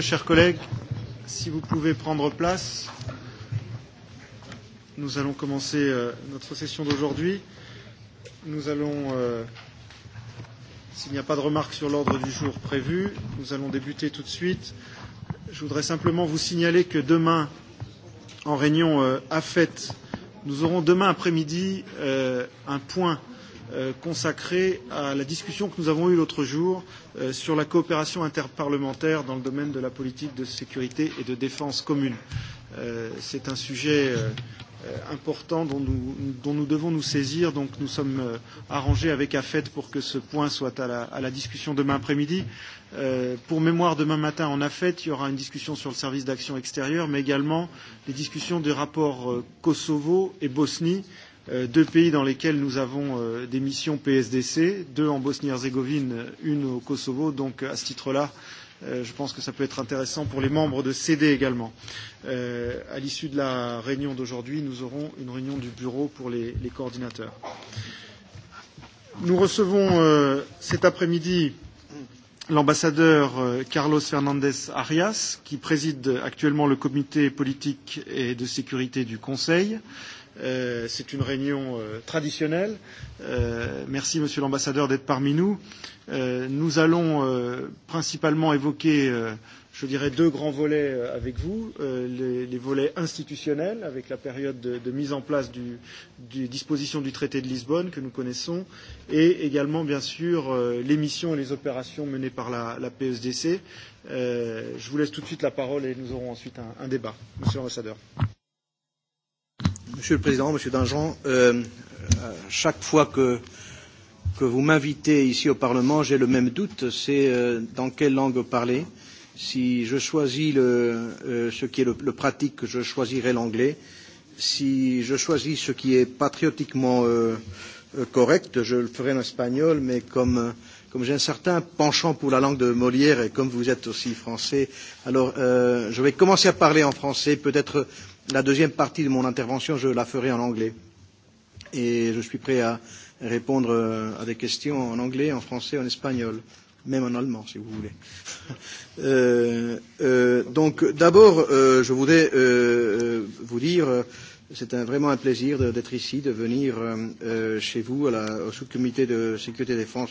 Chers collègues, si vous pouvez prendre place, nous allons commencer euh, notre session d'aujourd'hui. Nous allons, euh, s'il n'y a pas de remarques sur l'ordre du jour prévu, nous allons débuter tout de suite. Je voudrais simplement vous signaler que demain, en réunion euh, AFET, nous aurons demain après-midi euh, un point euh, euh, consacré à la discussion que nous avons eue l'autre jour euh, sur la coopération interparlementaire dans le domaine de la politique de sécurité et de défense commune. Euh, C'est un sujet euh, important dont nous, dont nous devons nous saisir. Donc nous sommes euh, arrangés avec AFET pour que ce point soit à la, à la discussion demain après-midi. Euh, pour mémoire, demain matin en AFET, il y aura une discussion sur le service d'action extérieure, mais également les discussions des rapports euh, Kosovo et Bosnie euh, deux pays dans lesquels nous avons euh, des missions PSDC, deux en Bosnie-Herzégovine, une au Kosovo. Donc à ce titre-là, euh, je pense que ça peut être intéressant pour les membres de CD également. Euh, à l'issue de la réunion d'aujourd'hui, nous aurons une réunion du bureau pour les, les coordinateurs. Nous recevons euh, cet après-midi l'ambassadeur euh, Carlos Fernandez Arias, qui préside actuellement le comité politique et de sécurité du Conseil. Euh, Euh, c'est une réunion euh, traditionnelle. Euh, merci, Monsieur l'ambassadeur, d'être parmi nous. Euh, nous allons euh, principalement évoquer euh, je dirais, deux grands volets euh, avec vous. Euh, les, les volets institutionnels, avec la période de, de mise en place du, des dispositions du traité de Lisbonne que nous connaissons, et également, bien sûr, euh, les missions et les opérations menées par la, la PSDC. E euh, je vous laisse tout de suite la parole et nous aurons ensuite un, un débat. Monsieur l'ambassadeur. Euh, Monsieur le Président, Monsieur Dangean, euh, chaque fois que, que vous m'invitez ici au Parlement, j'ai le même doute, c'est euh, dans quelle langue parler. Si je choisis le, euh, ce qui est le, le pratique, je choisirai l'anglais. Si je choisis ce qui est patriotiquement euh, euh correct, je le ferai en espagnol, mais comme euh, comme j'ai un certain penchant pour la langue de Molière et comme vous êtes aussi français, alors euh, je vais commencer à parler en français. Peut-être La deuxième partie de mon intervention, je la ferai en anglais. Et je suis prêt à répondre euh, à des questions en anglais, en français, en espagnol, même en allemand, si vous voulez. euh, euh, donc, d'abord, euh, je voudrais euh, euh, vous dire. Euh, C'est un, vraiment un plaisir d'être ici, de venir euh, euh, chez vous à la, au sous-comité de sécurité et défense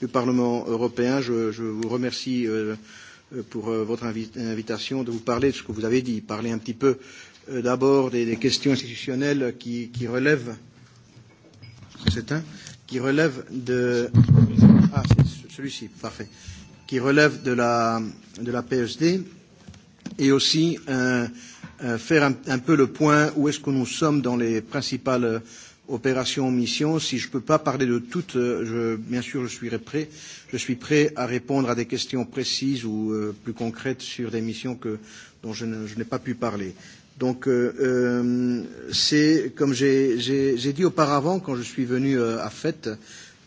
du Parlement européen. Je, je vous remercie euh, pour euh, votre invit invitation de vous parler de ce que vous avez dit, parler un petit peu euh, d'abord des, des questions institutionnelles qui, qui relèvent, c'est un, qui relèvent de, ah, c'est celui-ci, parfait, qui relèvent de la, de la PSD et aussi euh, euh, faire un, un peu le point où est-ce que nous sommes dans les principales euh, opération mission. Si je ne peux pas parler de toutes, euh, je, bien sûr, je suis prêt. Je suis prêt à répondre à des questions précises ou euh, plus concrètes sur des missions que, dont je n'ai pas pu parler. Donc, euh, euh, c'est comme j'ai dit auparavant quand je suis venu euh, à FET,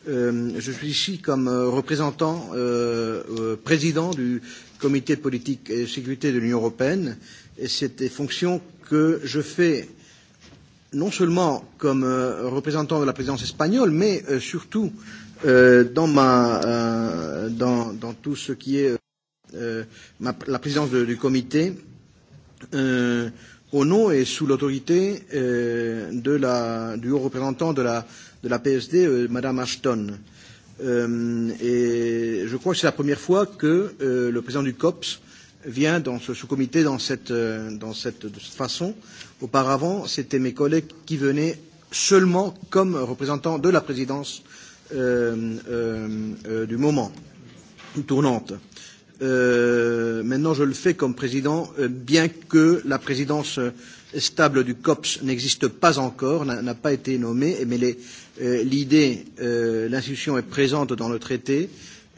euh, je suis ici comme euh, représentant, euh, euh, président du Comité de politique et de sécurité de l'Union européenne, et c'est des fonctions que je fais non seulement comme euh, représentant de la présidence espagnole, mais euh, surtout euh, dans, ma, euh, dans, dans tout ce qui est euh, ma, la présidence de, du comité. Euh, au nom et sous l'autorité euh, de la, du haut représentant de la, de la PSD, euh, Madame Ashton. Euh, et je crois que c'est la première fois que euh, le président du COPS vient dans ce sous-comité dans cette, euh, dans cette, de cette façon. Auparavant, c'était mes collègues qui venaient seulement comme représentants de la présidence euh, euh, euh, du moment tournante. Euh, Euh, maintenant, je le fais comme président, euh, bien que la présidence euh, stable du COPS n'existe pas encore, n'a pas été nommée, mais euh, l'idée, euh, l'institution est présente dans le traité.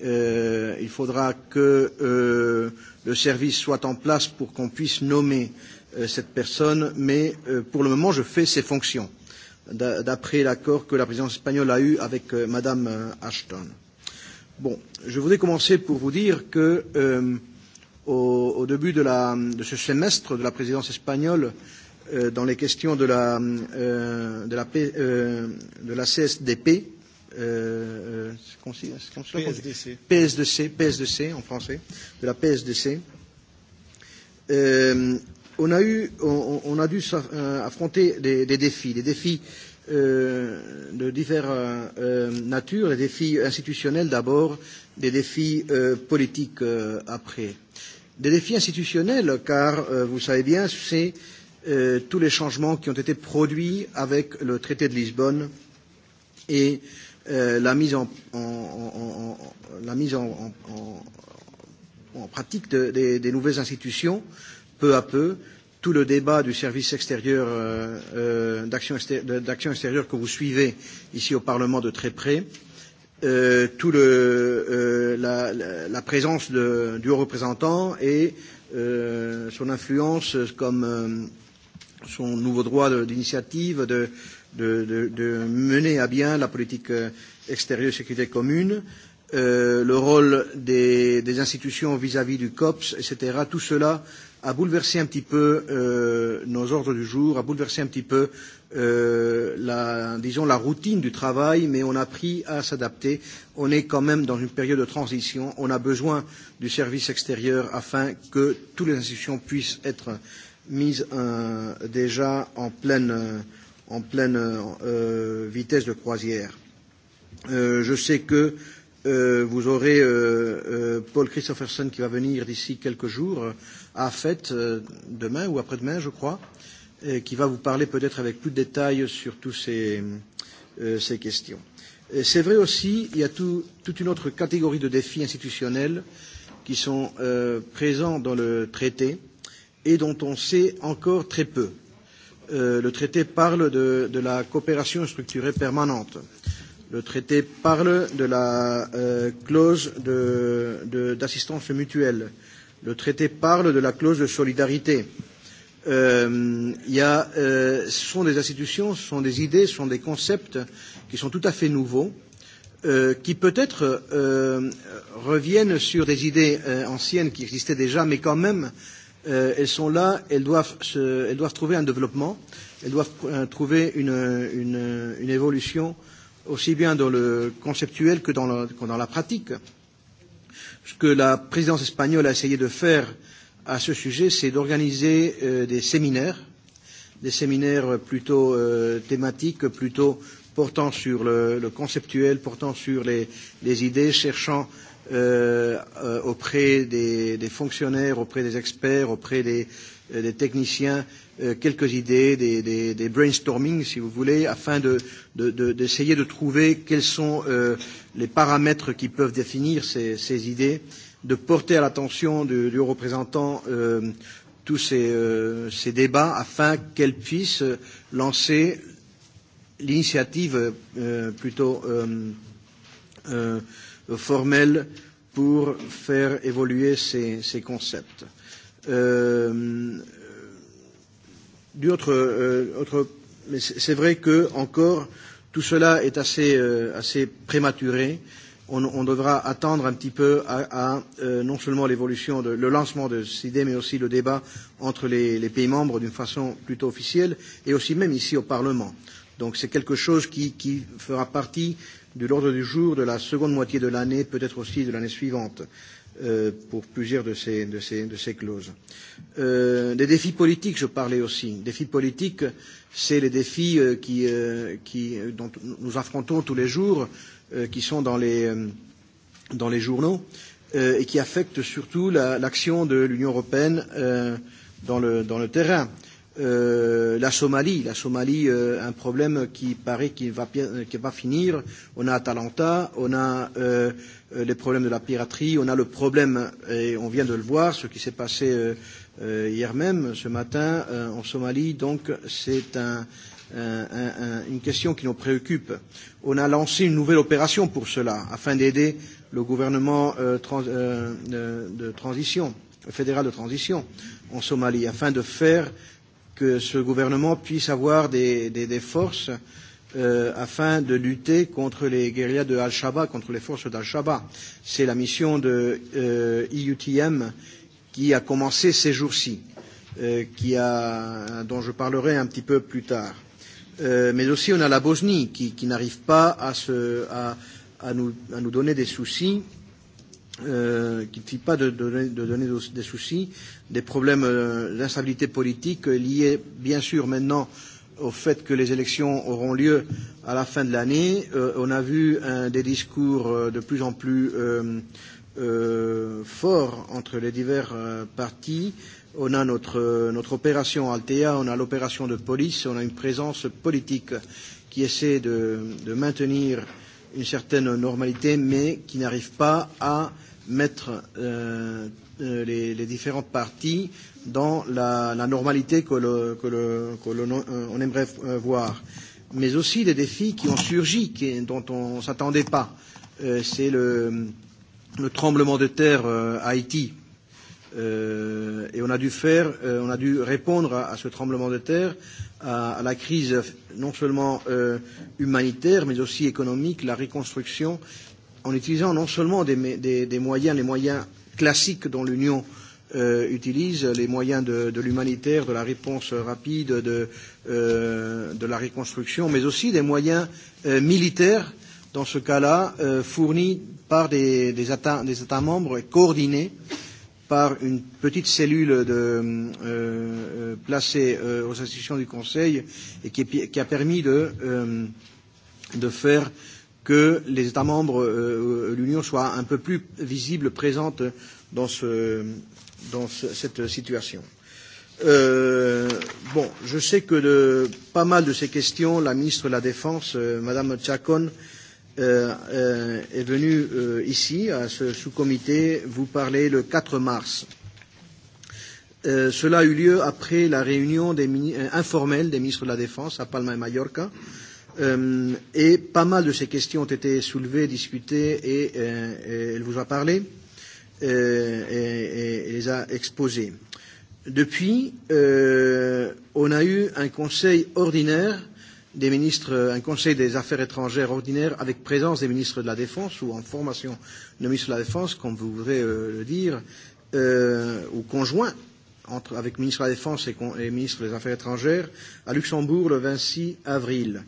Euh, il faudra que euh, le service soit en place pour qu'on puisse nommer euh, cette personne, mais euh, pour le moment, je fais ses fonctions, d'après l'accord que la présidence espagnole a eu avec euh, Madame euh, Ashton. Euh, Bon, je voudrais commencer pour vous dire que euh, au, au début de, la, de ce semestre de la présidence espagnole, euh, dans les questions de la, euh, de la, P, euh, de la CSDP, euh, comment, comment PSDC. PSDC, PSDC en français, de la PSDC, euh, on, a eu, on, on a dû euh, affronter des, des défis, des défis euh, euh, de diverses euh, natures, les défis institutionnels d'abord, des défis euh, politiques euh, après. Des défis institutionnels, car euh, vous savez bien, c'est euh, tous les changements qui ont été produits avec le traité de Lisbonne et euh, la mise en, en, en, en, la mise en, en, en, en pratique de, des, des nouvelles institutions, peu à peu, euh, tout le débat du service extérieur euh, euh, d'action extérieure, extérieure que vous suivez ici au Parlement de très près, euh, tout le, euh, la, la, la présence de, du haut représentant et euh, son influence comme euh, son nouveau droit d'initiative de, de, de, de mener à bien la politique euh, extérieure sécurité commune, euh, le rôle des, des institutions vis-à-vis -vis du COPS, etc. Tout cela euh, a bouleversé un petit peu euh, nos ordres du jour, a bouleversé un petit peu euh, la, disons, la routine du travail, mais on a appris à s'adapter. On est quand même dans une période de transition. On a besoin du service extérieur afin que toutes les institutions puissent être mises euh, déjà en pleine, en pleine euh, vitesse de croisière. Euh, je sais que euh, euh, vous aurez euh, euh, Paul Christopherson qui va venir d'ici quelques jours à FET, euh, demain ou après-demain, je crois, et qui va vous parler peut-être avec plus de détails sur toutes ces, euh, ces questions. C'est vrai aussi, il y a tout, toute une autre catégorie de défis institutionnels qui sont euh, présents dans le traité et dont on sait encore très peu. Euh, le traité parle de, de la coopération structurée permanente. Le traité parle de la euh, clause d'assistance de, de, mutuelle. Le traité parle de la clause de solidarité. Euh, y a, euh, ce sont des institutions, ce sont des idées, ce sont des concepts qui sont tout à fait nouveaux, euh, qui peut-être euh, reviennent sur des idées euh, anciennes qui existaient déjà, mais quand même, euh, elles sont là, elles doivent, se, elles doivent trouver un développement, elles doivent euh, trouver une, une, une évolution euh, aussi bien dans le conceptuel que dans, le, que dans la pratique. Ce que la présidence espagnole a essayé de faire à ce sujet, c'est d'organiser euh, des séminaires, des séminaires plutôt euh, thématiques, plutôt portant sur le, le conceptuel, portant sur les, les idées, cherchant euh, euh, auprès des, des fonctionnaires, auprès des experts, auprès des, euh, des techniciens, euh, quelques idées, des, des, des brainstorming, si vous voulez, afin d'essayer de, de, de, de trouver quels sont euh, les paramètres qui peuvent définir ces, ces idées, de porter à l'attention du, du représentant euh, tous ces, euh, ces débats afin qu'elle puisse lancer l'initiative euh, plutôt euh, euh, formelle pour faire évoluer ces, ces concepts. Euh, D'autres, euh, autre, mais c'est vrai que encore tout cela est assez, euh, assez prématuré. On, on devra attendre un petit peu à, à euh, non seulement l'évolution, de, le lancement de cette idée, mais aussi le débat entre les, les pays membres d'une façon plutôt officielle, et aussi même ici au Parlement. Donc c'est quelque chose qui, qui fera partie de l'ordre du jour de la seconde moitié de l'année, peut-être aussi de l'année suivante, euh, pour plusieurs de ces, de ces, de ces clauses. Euh, les défis politiques, je parlais aussi. Défis politiques, c'est les défis euh, qui, euh, qui, euh, dont nous affrontons tous les jours, euh, qui sont dans les, euh, dans les journaux, euh, et qui affectent surtout l'action la, de l'Union européenne euh, dans, le, dans le terrain. Euh, euh, la Somalie. La Somalie, euh, un problème qui paraît qu'il va, euh, qui va finir. On a Atalanta, on a euh, euh, les problèmes de la piraterie, on a le problème, et on vient de le voir, ce qui s'est passé euh, euh, hier même, ce matin, euh, en Somalie. Donc c'est un, un, un, une question qui nous préoccupe. On a lancé une nouvelle opération pour cela, afin d'aider le gouvernement euh, trans, euh, de, de transition, fédéral de transition en Somalie, afin de faire que ce gouvernement puisse avoir des, des, des forces euh, afin de lutter contre les guérillas de Al-Shabaab, contre les forces d'Al-Shabaab. C'est la mission de euh, IUTM e qui a commencé ces jours-ci, euh, qui a, dont je parlerai un petit peu plus tard. Euh, mais aussi on a la Bosnie qui, qui n'arrive pas à, se, à, à, nous, à nous donner des soucis euh, euh, qui ne fit pas de, de, de donner des soucis, des problèmes euh, d'instabilité politique liés bien sûr maintenant au fait que les élections auront lieu à la fin de l'année. Euh, on a vu un, des discours euh, de plus en plus euh, euh, forts entre les divers euh, partis. On a notre, euh, notre opération Altea, on a l'opération de police, on a une présence politique qui essaie de, de maintenir euh, une certaine normalité, mais qui n'arrive pas à mettre euh, euh les, les différentes parties dans la, la normalité que l'on que le, que le, euh, on aimerait euh, voir. Mais aussi les défis qui ont surgi, qui, dont on ne s'attendait pas. Euh, C'est le, le tremblement de terre euh, à Haïti. Euh, et on a dû faire, euh, on a dû répondre à, à ce tremblement de terre à, à la crise non seulement euh, humanitaire, mais aussi économique, la reconstruction, en utilisant non seulement des, des, des moyens, les moyens classiques dont l'Union euh, utilise, les moyens de, de l'humanitaire, de la réponse rapide, de, euh, de la reconstruction, mais aussi des moyens euh, militaires, dans ce cas-là, euh, fournis par des, des, États, des États membres coordonnés euh, par une petite cellule de, euh, euh, placée euh, aux institutions du Conseil et qui, qui a permis de, euh, de faire que les États membres, euh, euh, l'Union soit un peu plus visible, présente dans, ce, dans ce, cette situation. Euh, bon, je sais que de pas mal de ces questions, la ministre de la Défense, euh, Madame Tchakon, euh, euh, euh, est venu euh, ici, à ce sous-comité, vous parler le 4 mars. Euh, cela a eu lieu après la réunion des euh, informelle des ministres de la Défense à Palma et Mallorca. Euh, et pas mal de ces questions ont été soulevées, discutées et, euh, et elle vous a parlé euh, et, et, et les a exposées. Depuis, euh, on a eu un conseil ordinaire euh, des ministres, un conseil des affaires étrangères ordinaire avec présence des ministres de la Défense ou en formation de ministres de la Défense, comme vous voudrez euh, le dire, euh, ou conjoint entre, avec ministre de la Défense et, et ministre des Affaires étrangères à Luxembourg le 26 avril.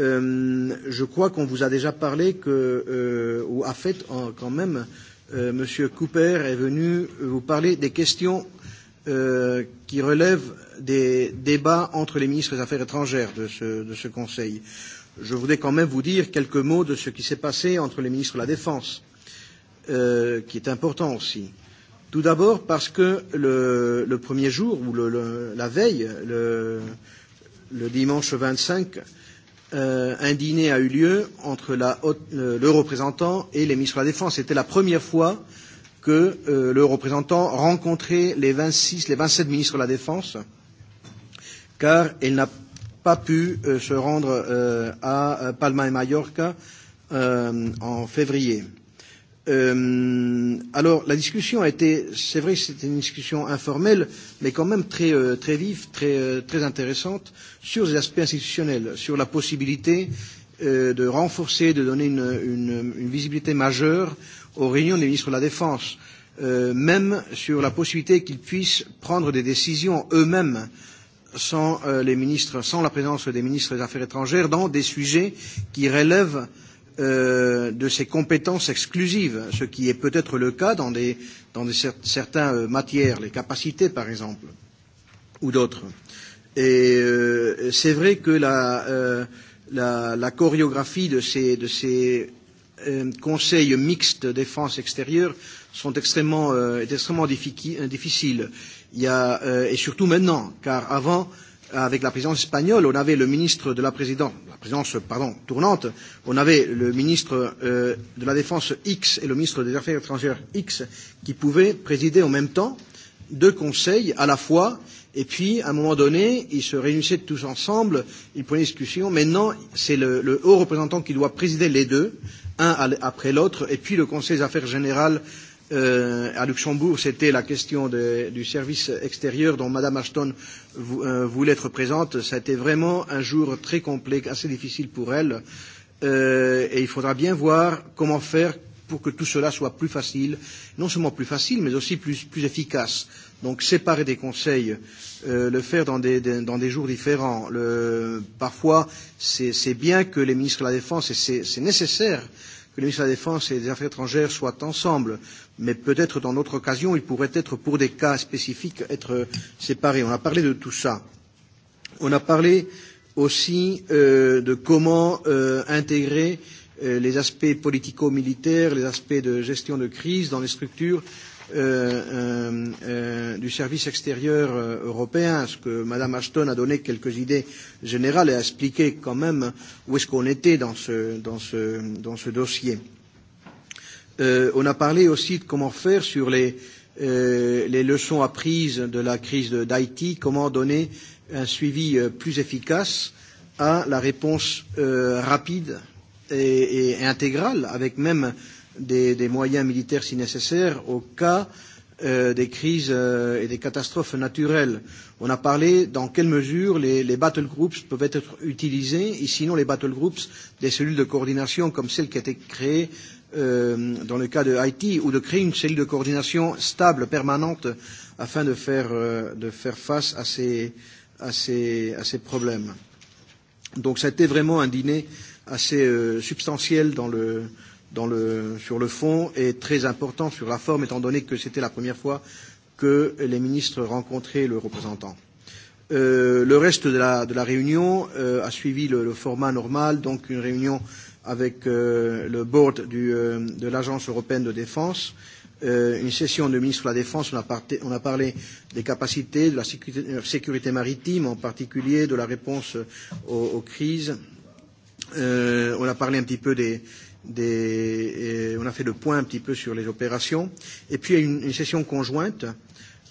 Euh, je crois qu'on vous a déjà parlé que, euh, ou a fait en, quand même, euh, Monsieur Cooper est venu vous parler des questions euh, qui relève des débats entre les ministres des Affaires étrangères de ce, de ce Conseil. Je voudrais quand même vous dire quelques mots de ce qui s'est passé entre les ministres de la Défense, euh, qui est important aussi. Tout d'abord parce que le, le premier jour, ou le, le, la veille, le, le dimanche 25, euh, euh, un dîner a eu lieu entre la haute, euh, le représentant et les ministres de la Défense. C'était la première fois euh, que euh, le représentant rencontrait les 26, les 27 ministres de la Défense, car il n'a pas pu euh, se rendre euh, à euh, Palma et Mallorca euh, en février. Euh, alors, la discussion a été, c'est vrai, c'était une discussion informelle, mais quand même très, euh, très vive, très, euh, très intéressante, sur les aspects institutionnels, sur la possibilité euh, de renforcer, de donner une, une, une visibilité majeure euh, aux réunions des ministres de la Défense, euh, même sur la possibilité qu'ils puissent prendre des décisions eux-mêmes sans, euh, les ministres, sans la présence des ministres des Affaires étrangères dans des sujets qui relèvent euh, de ses compétences exclusives, ce qui est peut-être le cas dans, des, dans des cer certaines euh, matières, les capacités par exemple, ou d'autres. Et euh, c'est vrai que la, euh, la, la chorégraphie de ces, de ces euh, Conseil mixte défense-extérieure sont extrêmement, euh, extrêmement euh, difficiles. Il y a, euh, et surtout maintenant, car avant, avec la présidence espagnole, on avait le ministre de la présidence, la présidence pardon, tournante, on avait le ministre euh, de la Défense X et le ministre des Affaires étrangères X qui pouvaient présider en même temps deux conseils à la fois, et puis à un moment donné, ils se réunissaient tous ensemble, ils prenaient discussion. Maintenant, c'est le, le haut représentant qui doit présider les deux. Euh, un après l'autre, et puis le Conseil des affaires générales euh, à Luxembourg, c'était la question de, du service extérieur dont Madame Ashton vou, euh, voulait être présente. Ça a été vraiment un jour très complexe, assez difficile pour elle. Euh, et il faudra bien voir comment faire pour que tout cela soit plus facile, non seulement plus facile, mais aussi plus, plus efficace. Donc séparer des conseils, euh, le faire dans des, des, dans des jours différents. Le, parfois, c'est bien que les ministres de la Défense, et c'est nécessaire que les ministres de la Défense et des Affaires étrangères soient ensemble, mais peut-être dans d'autres occasions, ils pourraient être, pour des cas spécifiques, être séparés. On a parlé de tout ça. On a parlé aussi euh, de comment euh, intégrer euh, Euh, les aspects politico-militaires, les aspects de gestion de crise dans les structures euh, euh, euh du service extérieur euh, européen, ce que Mme Ashton a donné quelques idées générales et a expliqué quand même où est-ce qu'on était dans ce, dans ce, dans ce dossier. Euh, on a parlé aussi de comment faire sur les, euh, les leçons apprises de la crise d'Haïti, comment donner un suivi euh, plus efficace à la réponse euh, rapide et, et intégrale, avec même des, des moyens militaires si nécessaire, au cas euh, des crises euh, et des catastrophes naturelles. On a parlé dans quelle mesure les, les battle groups peuvent être utilisés, et sinon les battle groups des cellules de coordination comme celle qui a été créée euh, dans le cas de Haïti, ou de créer une cellule de coordination stable, permanente, afin de faire, euh, de faire face à ces, à, ces, à ces problèmes. Donc c'était vraiment un dîner euh, assez euh, substantiel dans le, dans le, sur le fond et très important sur la forme, étant donné que c'était la première fois que les ministres rencontraient le représentant. Euh, le reste de la, de la réunion euh, a suivi le, le format normal, donc une réunion avec euh, le board du, euh, de l'Agence européenne de défense, euh, une session de ministres de la Défense, on a, parté, on a parlé des capacités, de la sécurité, euh, sécurité maritime en particulier, de la réponse euh, aux, aux crises, Euh, on a parlé un petit peu des, des, et euh, on a fait le point un petit peu sur les opérations. Et puis une, une session conjointe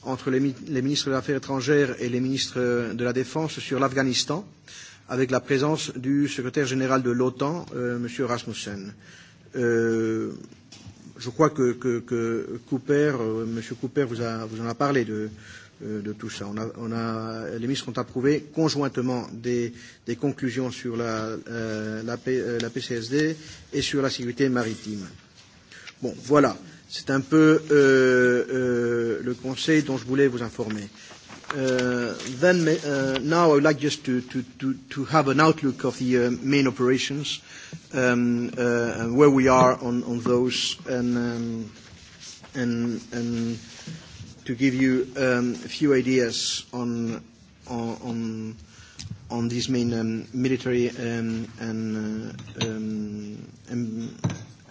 entre les, les ministres des Affaires étrangères et les ministres de la Défense sur l'Afghanistan, avec la présence du secrétaire général de l'OTAN, euh, M. Rasmussen. Euh, je crois que, que, que Cooper, euh, M. Cooper vous, a, vous en a parlé de, euh, euh, de tout ça. On a, on a, les ministres ont approuvé conjointement des, des conclusions sur la, euh, la, P, euh, la PCSD et sur la sécurité maritime. Bon, voilà. C'est un peu euh, euh, le conseil dont je voulais vous informer. Uh, then uh, now I would like just to, to, to, to have an outlook of the uh, main operations um, uh, and where we are on, on those and, um, and, and to give you um, a few ideas on, on, on these main um, military um, and, uh, um, and,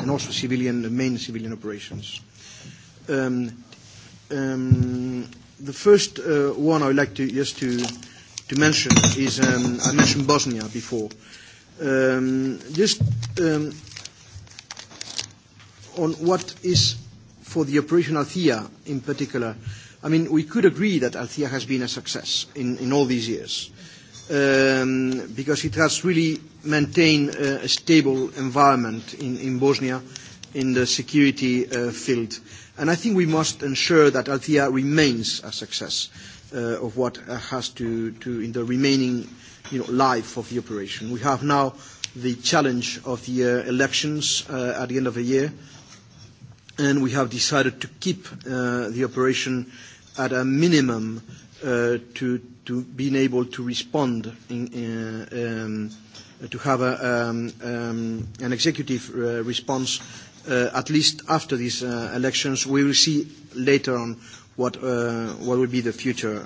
and also civilian, main civilian operations. Um, um, the first uh, one I would like to just to, to mention is um, I mentioned Bosnia before. Um, just um, on what is for the Operation Althea in particular, I mean, we could agree that Althea has been a success in, in all these years um, because it has really maintained uh, a stable environment in, in Bosnia in the security uh, field. And I think we must ensure that Althea remains a success uh, of what uh, has to, to, in the remaining you know, life of the operation. We have now the challenge of the uh, elections uh, at the end of the year. Uh, and we have decided to keep uh, the operation at a minimum uh, to, to being able to respond, in, uh, um, to have a, um, um, an executive uh, response uh, at least after these uh, elections. We will see later on what, uh, what will be the future uh,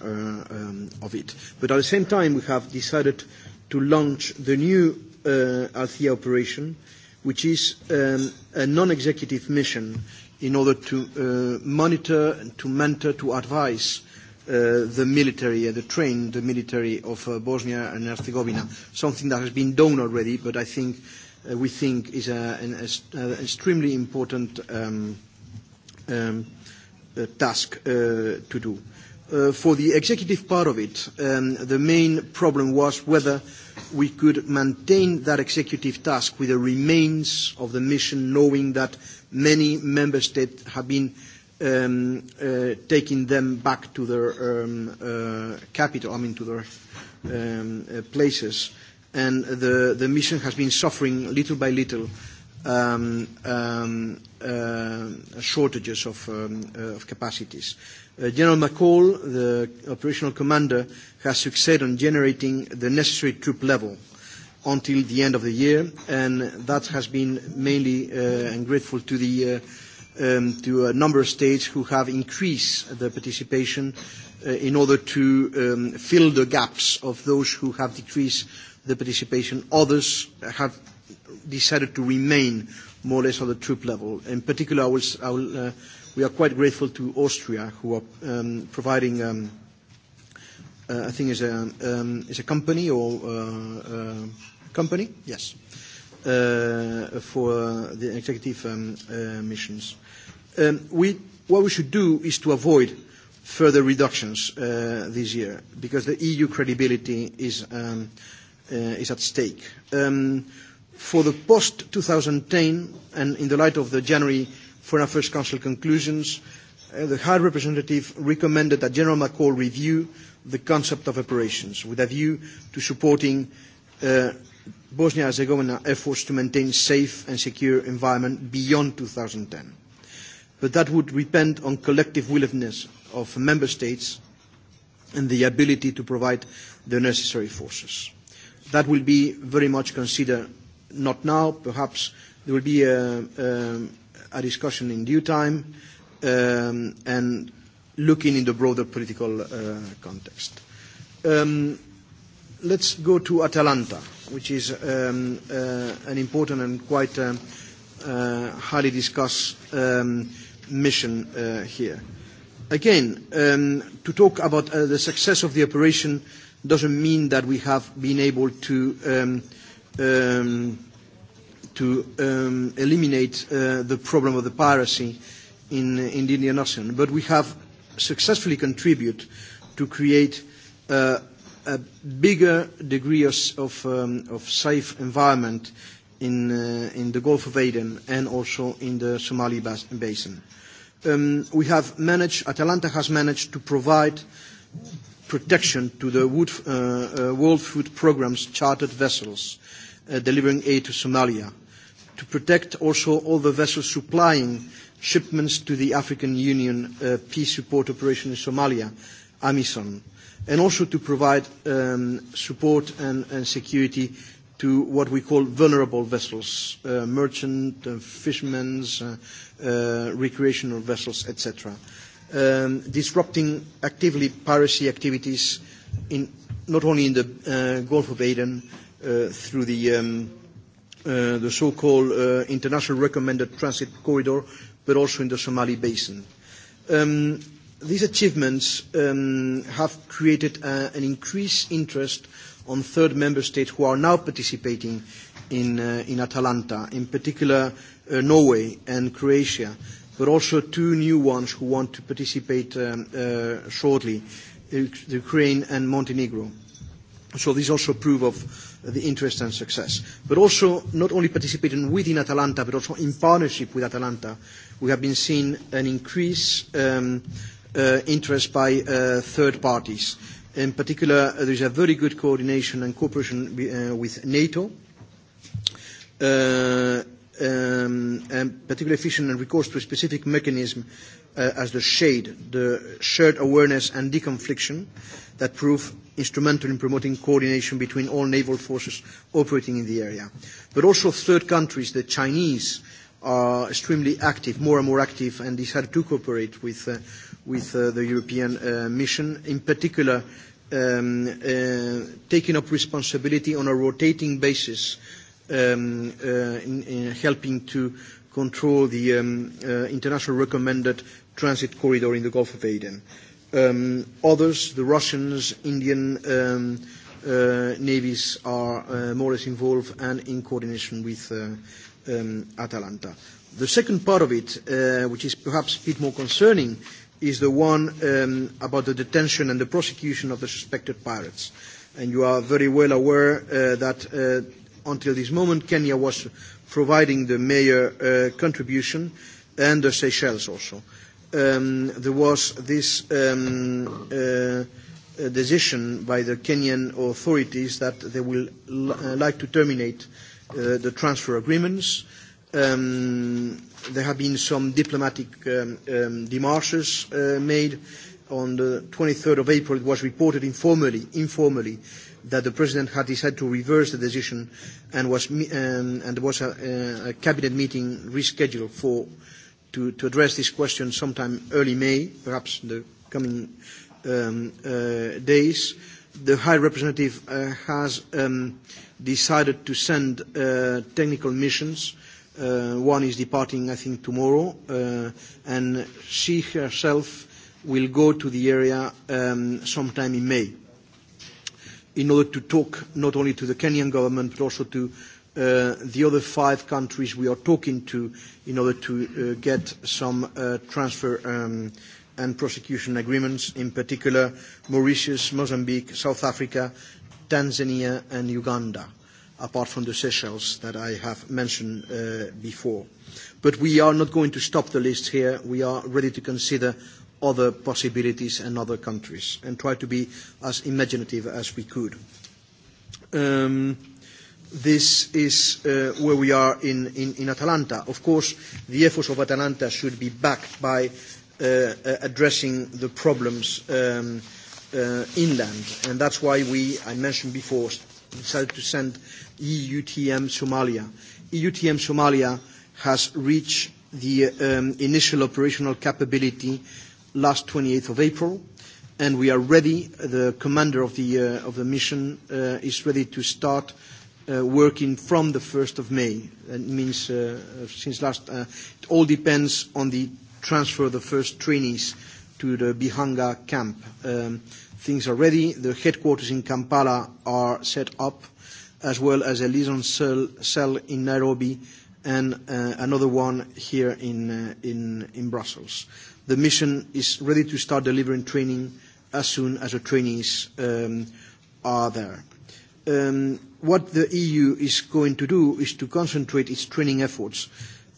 um, of it. But at the same time, we have decided to launch the new uh, Althea operation, which is um, a non-executive mission uh, in order to uh, monitor, to mentor, to advise uh, the military, uh, the train, the military of uh, Bosnia and Herzegovina, something that has been done already, but I think uh, we think is a, an, a, an extremely important um, um, uh, task uh, to do. Uh, for the executive part of it, um, the main problem was whether uh, we could maintain that executive task with the remains of the mission, knowing that many member states have been um, uh, taking them back to their um, uh, capital, I mean to their um, uh, places. And the, the mission has been suffering little by little um, um, uh, shortages of, um, uh, of capacities. Uh, Uh, General McCall, the operational commander, has succeeded in generating the necessary troop level until the end of the year, and that has been mainly uh, and grateful to the uh, um, to a number of states who have increased their participation uh, in order to um, fill the gaps of those who have decreased the participation. Others have decided to remain more or less on the troop level. In particular, I will, I will uh, we are quite grateful to Austria, who are um, providing, um, uh, I think, is a, um, is a company or uh, uh, company, yes, uh, for uh, the executive um, uh, missions. Um, we, what we should do is to avoid further reductions uh, this year, because the EU credibility is, um, uh, is at stake. Um, for the post-2010, and in the light of the January Foreign Affairs Council conclusions, uh, the High Representative recommended that General McCall review the concept of operations with a view to supporting uh, Bosnia Herzegovina efforts to maintain safe and secure environment beyond 2010. But that would depend on collective willingness of member states and the ability to provide the necessary forces. That will be very much considered not now, perhaps there will be a, a, um, a discussion in due time um, and looking in the broader political uh, context. Um, let's go to Atalanta, which is um, uh, an important and quite um, uh, highly discussed um, mission uh, here. Again, um, to talk about uh, the success of the operation doesn't mean that we have been able to um, um, to um, eliminate uh, the problem of the piracy in, uh, in the Indian Ocean, but we have successfully contributed to create uh, a bigger degree of, of, um, of safe environment in, uh, in the Gulf of Aden and also in the Somali bas basin. Um, we have managed, Atalanta has managed to provide protection to the wood, uh, uh, World Food Programme's chartered vessels, uh, delivering aid to Somalia to protect also all the vessels supplying shipments to the African Union uh, peace support operation in Somalia, AMISOM, and also to provide um, support and, and security to what we call vulnerable vessels, uh, merchant, uh, fishermen, uh, uh, recreational vessels, etc., um, disrupting actively piracy activities in, not only in the uh, Gulf of Aden uh, through the um, uh, the so-called uh, international recommended transit corridor, but also in the Somali basin. Um, these achievements um, have created uh, an increased interest on third member states who are now participating in, uh, in Atalanta, in particular uh, Norway and Croatia, but also two new ones who want to participate um, uh, shortly, Ukraine and Montenegro. So these also prove of the interest and success. But also, not only participating within Atalanta, but also in partnership with Atalanta, we have been seeing an increase um, uh, interest by uh, third parties. In particular, uh, there is a very good coordination and cooperation uh, with NATO, uh, um, and particularly efficient and recourse to a specific mechanism uh, as the SHADE, the Shared Awareness and Deconfliction, uh, that prove instrumental in promoting coordination between all naval forces operating in the area. But also third countries, the Chinese are extremely active, more and more active, and decided to cooperate with, uh, with uh, the European uh, mission, in particular um, uh, taking up responsibility on a rotating basis um, uh, in, in helping to control the um, uh, international recommended transit corridor in the Gulf of Aden. Uh, Um, others, the Russians, Indian um, uh, navies are uh, more or less involved and in coordination with uh, um, Atalanta. The second part of it, uh, which is perhaps a bit more concerning, is the one um, about the detention and the prosecution of the suspected pirates. And you are very well aware uh, that uh, until this moment, Kenya was providing the major uh, contribution and the Seychelles also. Uh, um, there was this um, uh, decision by the Kenyan authorities that they will li- uh, like to terminate uh, the transfer agreements. Um, there have been some diplomatic um, um, demarches uh, made. On the 23rd of April, it was reported informally, informally that the president had decided to reverse the decision and was um, and was a, uh, a cabinet meeting rescheduled for uh, to, to address this question sometime early May, perhaps in the coming um, uh, days. The High Representative uh, has um, decided to send uh, technical missions. Uh, one is departing, I think, tomorrow, uh, and she herself will go to the area um, sometime in May in order to talk not only to the Kenyan government but also to uh, the other five countries we are talking to in order to uh, get some uh, transfer um, and prosecution agreements, in particular Mauritius, Mozambique, South Africa, Tanzania and Uganda, apart from the Seychelles that I have mentioned uh, before. But we are not going to stop the list here. We are ready to consider other possibilities and other countries and try to be as imaginative as we could. Um, this is uh, where we are in, in, in Atalanta. Of course, the efforts of Atalanta should be backed by uh, uh addressing the problems um, uh, inland, and that's why we, I mentioned before, decided to send EUTM Somalia. EUTM Somalia has reached the um, initial operational capability last 28th of April, and we are ready. The commander of the, uh, of the mission uh, is ready to start uh, uh, working from the 1st of May. That means uh, uh, since last, uh, it all depends on the transfer of the first trainees to the Bihanga camp. Um, things are ready. The headquarters in Kampala are set up, as well as a liaison cell, cell in Nairobi and uh, another one here in, uh, in, in Brussels. The mission is ready to start delivering training as soon as the trainees um, are there. Um, what the EU is going to do is to concentrate its training efforts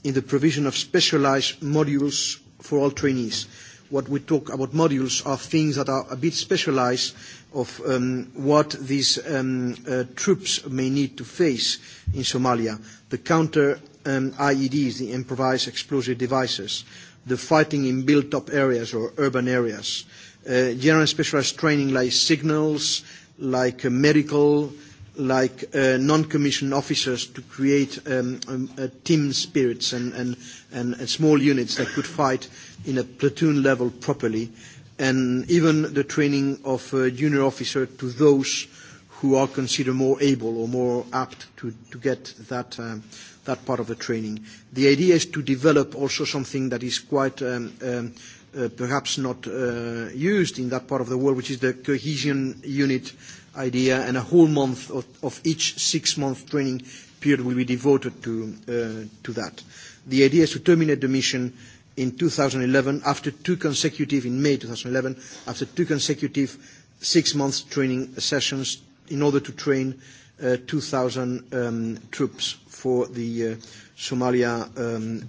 in the provision of specialized modules for all trainees. What we talk about modules are things that are a bit specialized of um, what these um, uh, troops may need to face in Somalia. The counter um, IEDs, the improvised explosive devices, the fighting in built-up areas or urban areas, uh, general specialized training like signals, like uh, medical, like uh, non-commissioned officers to create um, um, uh, team spirits and, and, and, and small units that could fight in a platoon level properly, and even the training of a junior officer to those who are considered more able or more apt to, to get that, um, that part of the training. The idea is to develop also something that is quite um, um, uh, perhaps not uh, used in that part of the world, which is the cohesion unit uh, idea, and a whole month of, of each six-month training period will be devoted to, uh, to that. The idea is to terminate the mission in 2011 after two consecutive, in May 2011, after two consecutive six-month training sessions in order to train uh, 2,000 um, troops for the uh, Somalia um,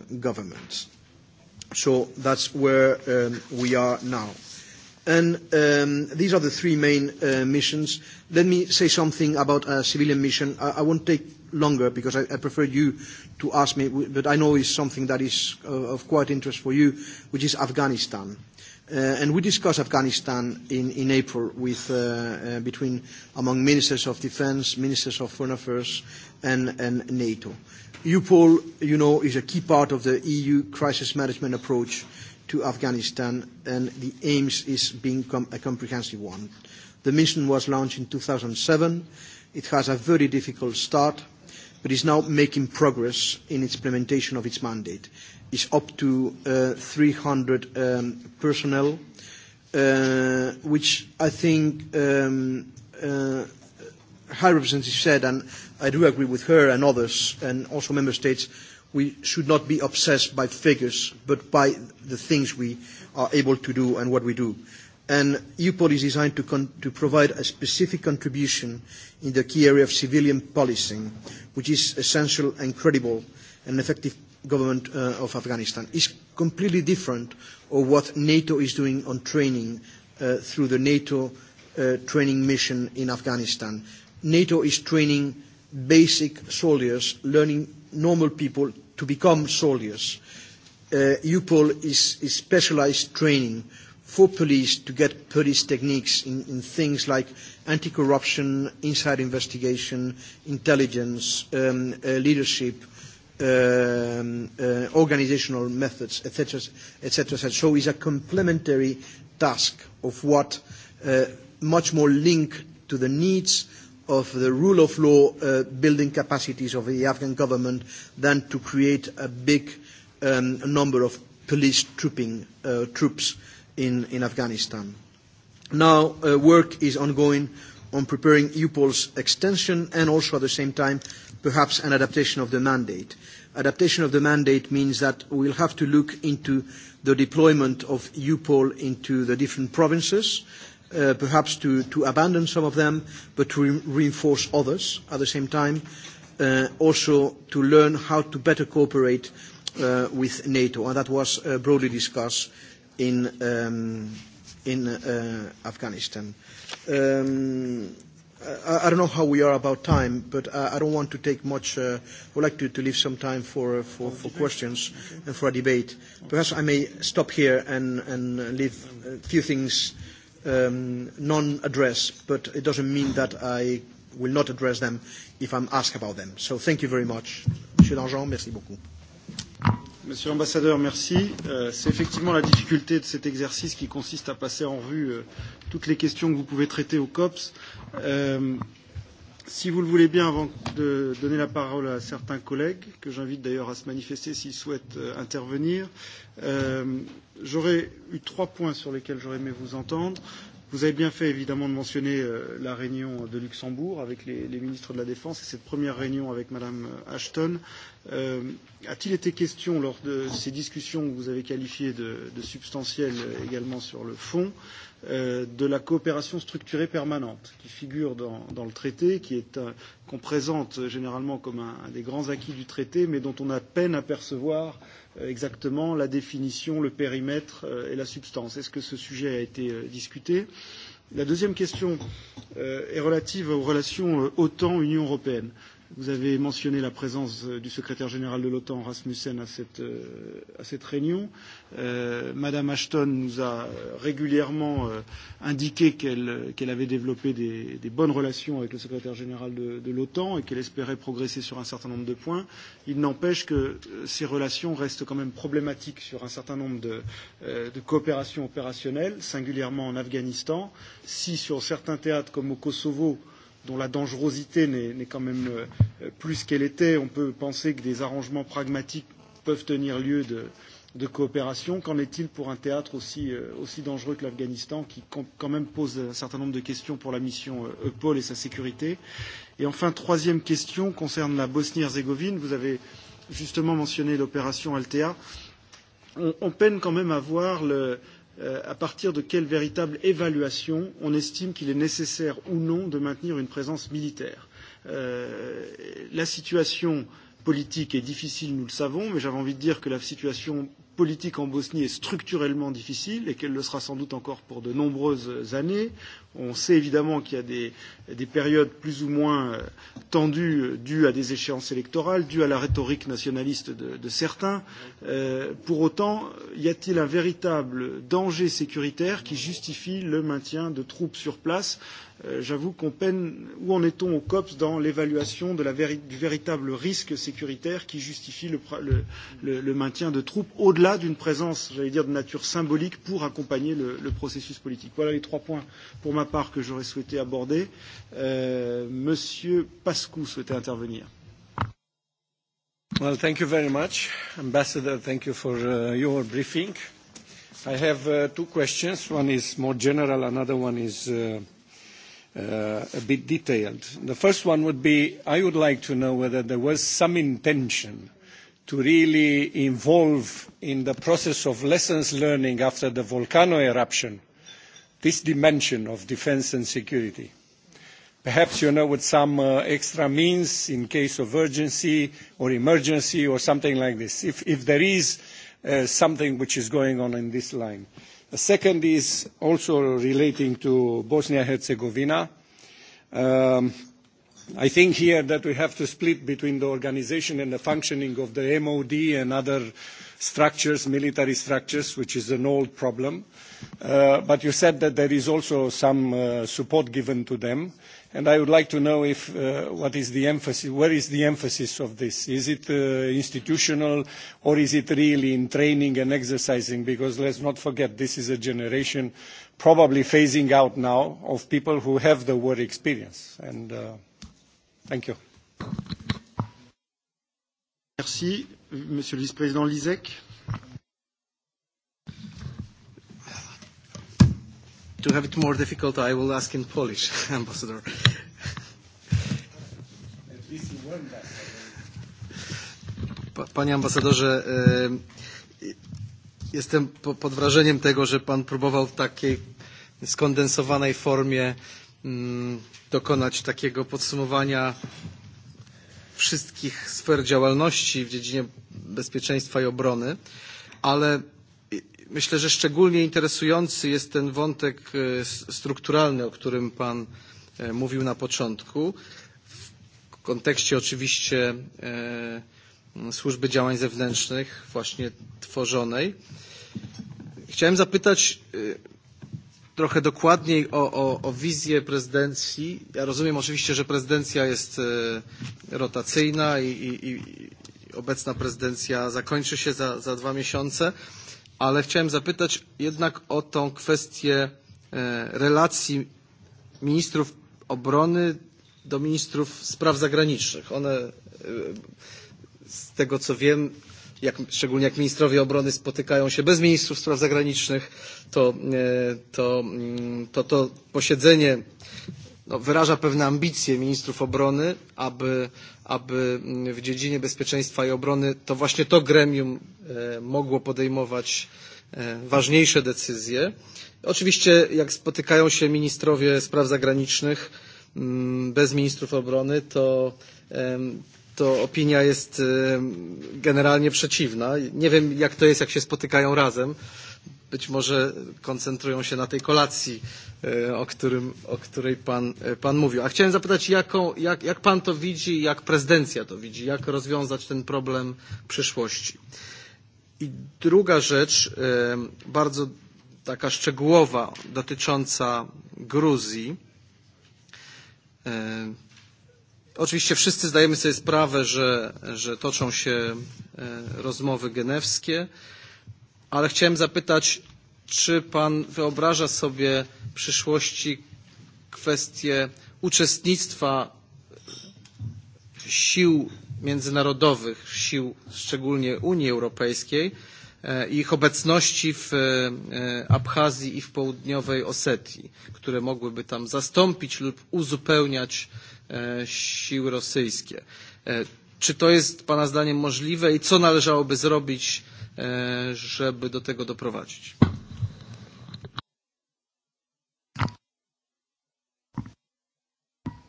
uh, government. So that's where um, we are now. And um, these are the three main uh, missions. Let me say something about a civilian mission. I, I won't take longer because I, I prefer you to ask me, but I know it's something that is uh, of quite interest for you, which is Afghanistan. Uh, and we discussed Afghanistan in, in April with, uh, uh, between among ministers of defense, ministers of foreign affairs, and, and NATO. EUPOL, you know, is a key part of the EU crisis management approach uh, to Afghanistan, and the aims is being com a comprehensive one. The mission was launched in 2007. It has a very difficult start, but is now making progress in its implementation of its mandate. It's up to uh, 300 um, personnel, uh, which I think um, uh, High Representative said, and I do agree with her and others, and also Member States, uh, we should not be obsessed by figures, but by the things we are able to do and what we do. And EUPOL is designed to, con- to provide a specific contribution in the key area of civilian policing, which is essential and credible and effective government uh, of Afghanistan. It's completely different of what NATO is doing on training uh, through the NATO uh, training mission in Afghanistan. NATO is training basic soldiers, learning normal people to become soldiers. Uh, EUPOL is, is specialized training for police to get police techniques in, in things like anti-corruption, inside investigation, intelligence, um, uh, leadership, um, uh, organizational methods, etc., etc. So it's a complementary task of what uh, much more linked to the needs of the rule of law uh, building capacities of the Afghan government than to create a big um, number of police trooping, uh, troops in, in Afghanistan. Now, uh, work is ongoing on preparing EUPOL's extension and also at the same time perhaps an adaptation of the mandate. Adaptation of the mandate means that we'll have to look into the deployment of EUPOL into the different provinces uh, perhaps to, to abandon some of them, but to re- reinforce others at the same time, uh, also to learn how to better cooperate uh, with NATO, and that was uh, broadly discussed in, um, in uh, Afghanistan. Um, I, I don't know how we are about time, but I, I don't want to take much. Uh, I would like to, to leave some time for, uh, for, for questions okay. and for a debate. Perhaps I may stop here and, and leave a few things um, non-addressed, but it doesn't mean that I will not address them if I'm asked about them. So thank you very much. Monsieur Dangean, merci beaucoup. Monsieur l'ambassadeur, merci. Euh, C'est effectivement la difficulté de cet exercice qui consiste à passer en revue euh, toutes les questions que vous pouvez traiter au COPS. Euh, si vous le voulez bien, avant de donner la parole à certains collègues, que j'invite d'ailleurs à se manifester s'ils souhaitent euh, intervenir, euh, J'aurais eu trois points sur lesquels j'aurais aimé vous entendre. Vous avez bien fait évidemment de mentionner euh, la réunion de Luxembourg avec les, les ministres de la Défense et cette première réunion avec Madame Ashton. Euh, A-t-il été question lors de ces discussions que vous avez qualifiées de, de substantielles euh, également sur le fond euh, de la coopération structurée permanente qui figure dans, dans le traité, qui est euh, qu'on présente généralement comme un, un des grands acquis du traité, mais dont on a peine à percevoir euh, exactement la définition, le périmètre euh, et la substance. Est-ce que ce sujet a été euh, discuté La deuxième question euh, est relative aux relations OTAN-Union européenne. Euh, Vous avez mentionné la présence euh, du secrétaire général de l'OTAN, Rasmussen, à cette, euh, à cette réunion. Euh, Madame Ashton nous a euh, régulièrement euh, indiqué qu'elle qu avait développé des, des bonnes relations avec le secrétaire général de, de l'OTAN et qu'elle espérait progresser sur un certain nombre de points. Il n'empêche que ces relations restent quand même problématiques sur un certain nombre de, euh, de coopérations opérationnelles, singulièrement en Afghanistan. Si sur certains théâtres comme au Kosovo, euh, dont la dangerosité n'est quand même euh, plus qu'elle était. On peut penser que des arrangements pragmatiques peuvent tenir lieu de, de coopération. Qu'en est-il pour un théâtre aussi, euh, aussi dangereux que l'Afghanistan, qui quand même pose un certain nombre de questions pour la mission euh, EUPOL et sa sécurité Et enfin, troisième question concerne la Bosnie-Herzégovine. Vous avez justement mentionné l'opération Altea. On, on peine quand même à voir le, euh, euh, à partir de quelle véritable évaluation on estime qu'il est nécessaire ou non de maintenir une présence militaire. Euh, la situation politique est difficile, nous le savons, mais j'avais envie de dire que la situation politique en Bosnie est structurellement difficile et qu'elle le sera sans doute encore pour de nombreuses années. On sait évidemment qu'il y a des, des périodes plus ou moins euh, tendues euh, dues à des échéances électorales, dues à la rhétorique nationaliste de, de certains. Euh, pour autant, y a-t-il un véritable danger sécuritaire qui justifie le maintien de troupes sur place euh, J'avoue qu'on peine. Où en est-on au COPS dans l'évaluation de la véri, du véritable risque sécuritaire qui justifie le, le, le, le maintien de troupes au-delà d'une présence, j'allais dire, de nature symbolique pour accompagner le, le processus politique Voilà les trois points pour ma ma part que j'aurais souhaité aborder. Euh, Monsieur Pascou souhaitait intervenir. Well, thank you very much, Ambassador. Thank you for uh, your briefing. I have uh, two questions. One is more general, another one is uh, uh, a bit detailed. The first one would be, I would like to know whether there was some intention to really involve in the process of lessons learning after the volcano eruption this dimension of defense and security. Perhaps, you know, with some uh, extra means in case of urgency or emergency or something like this, if, if there is uh, something which is going on in this line. The second is also relating to Bosnia-Herzegovina. Um, I think here that we have to split between the organization and the functioning of the MOD and other structures, military structures, which is an old problem. Uh, Uh, but you said that there is also some uh, support given to them, and I would like to know if uh, what is the emphasis, where is the emphasis of this? Is it uh, institutional, or is it really in training and exercising? Because let's not forget, this is a generation probably phasing out now of people who have the war experience. And, uh, thank you. Merci. Monsieur le Vice-président Lisek. to have it more difficult, I will ask in Polish, Ambassador. Panie ambasadorze, e, jestem pod wrażeniem tego, że pan próbował w takiej skondensowanej formie mm, dokonać takiego podsumowania wszystkich sfer działalności w dziedzinie bezpieczeństwa i obrony, ale Myślę, że szczególnie interesujący jest ten wątek e, strukturalny, o którym Pan e, mówił na początku, w kontekście oczywiście e, służby działań zewnętrznych właśnie tworzonej. Chciałem zapytać trochę dokładniej o, o, o wizję prezydencji. Ja rozumiem oczywiście, że prezydencja jest rotacyjna i, i, i obecna prezydencja zakończy się za, za dwa miesiące ale chciałem zapytać jednak o tą kwestię e, relacji ministrów obrony do ministrów spraw zagranicznych. One, e, z tego co wiem, jak, szczególnie jak ministrowie obrony spotykają się bez ministrów spraw zagranicznych, to e, to, mm, to, to posiedzenie no, wyraża pewne ambicje ministrów obrony, aby, aby mm, w dziedzinie bezpieczeństwa i obrony to właśnie to gremium e, mogło podejmować e, ważniejsze decyzje. Oczywiście jak spotykają się ministrowie spraw zagranicznych mm, bez ministrów obrony, to, to opinia jest generalnie przeciwna. Nie wiem, jak to jest, jak się spotykają razem być może koncentrują się na tej kolacji, e, o, którym, o której pan, e, pan mówił. A chciałem zapytać, jaką, jak, jak pan to widzi, jak prezydencja to widzi, jak rozwiązać ten problem w przyszłości. I druga rzecz, e, bardzo taka szczegółowa, dotycząca Gruzji. Oczywiście wszyscy zdajemy sobie sprawę, że, że toczą się rozmowy genewskie ale chciałem zapytać, czy Pan wyobraża sobie w przyszłości kwestię uczestnictwa sił międzynarodowych, sił szczególnie Unii Europejskiej e, i ich obecności w e, Abchazji i w południowej Osetii, które mogłyby tam zastąpić lub uzupełniać e, siły rosyjskie. Czy to jest Pana zdaniem możliwe i co należałoby zrobić E, żeby do tego doprowadzić.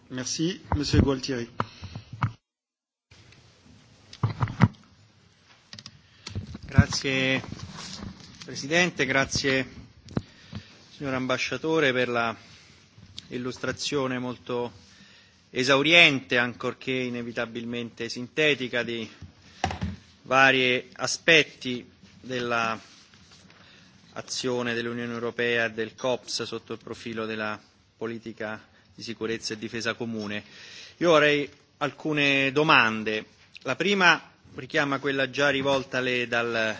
Merci. Monsieur Gualtieri. Grazie Presidente, grazie signor Ambasciatore per la illustrazione molto esauriente, ancorché inevitabilmente sintetica, di vari aspetti della azione dell'Unione Europea e del COPS sotto il profilo della politica di sicurezza e difesa comune. Io avrei alcune domande. La prima richiama quella già rivoltale dal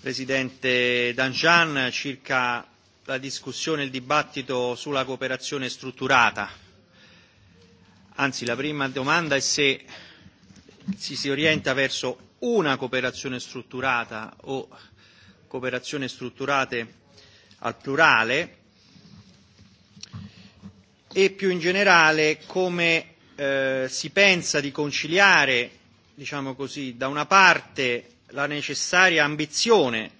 Presidente Danjan circa la discussione e il dibattito sulla cooperazione strutturata. Anzi, la prima domanda è se si, si orienta verso una cooperazione strutturata o cooperazione strutturate al plurale e più in generale come eh, si pensa di conciliare, diciamo così, da una parte la necessaria ambizione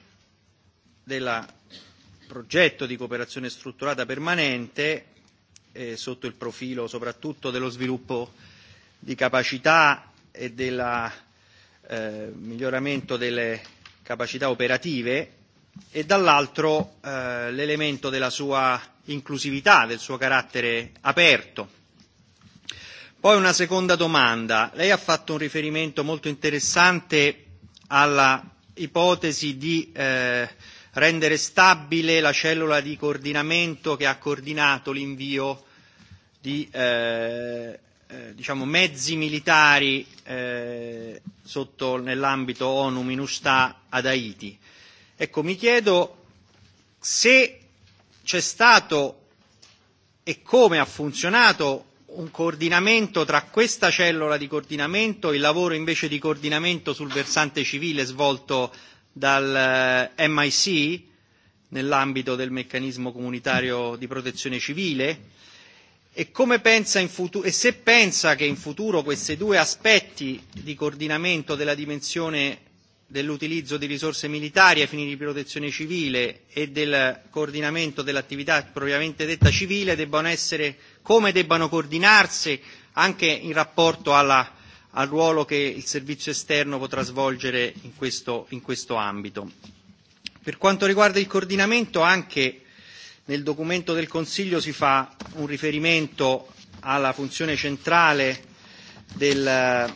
del progetto di cooperazione strutturata permanente eh, sotto il profilo soprattutto dello sviluppo di capacità e del eh, miglioramento delle capacità operative e dall'altro eh, l'elemento della sua inclusività, del suo carattere aperto. Poi una seconda domanda. Lei ha fatto un riferimento molto interessante alla ipotesi di eh, rendere stabile la cellula di coordinamento che ha coordinato l'invio di eh, diciamo, mezzi militari eh, sotto, nell'ambito ONU MINUSTA ad Haiti. Ecco, mi chiedo se c'è stato e come ha funzionato un coordinamento tra questa cellula di coordinamento e il lavoro invece di coordinamento sul versante civile svolto dal eh, MIC nell'ambito del meccanismo comunitario di protezione civile e, come pensa in futuro, e se pensa che in futuro questi due aspetti di coordinamento della dimensione dell'utilizzo di risorse militari ai fini di protezione civile e del coordinamento dell'attività propriamente detta civile debbano essere, come debbano coordinarsi anche in rapporto alla, al ruolo che il servizio esterno potrà svolgere in questo, in questo ambito. Per quanto riguarda il coordinamento anche Nel documento del Consiglio si fa un riferimento alla funzione centrale del,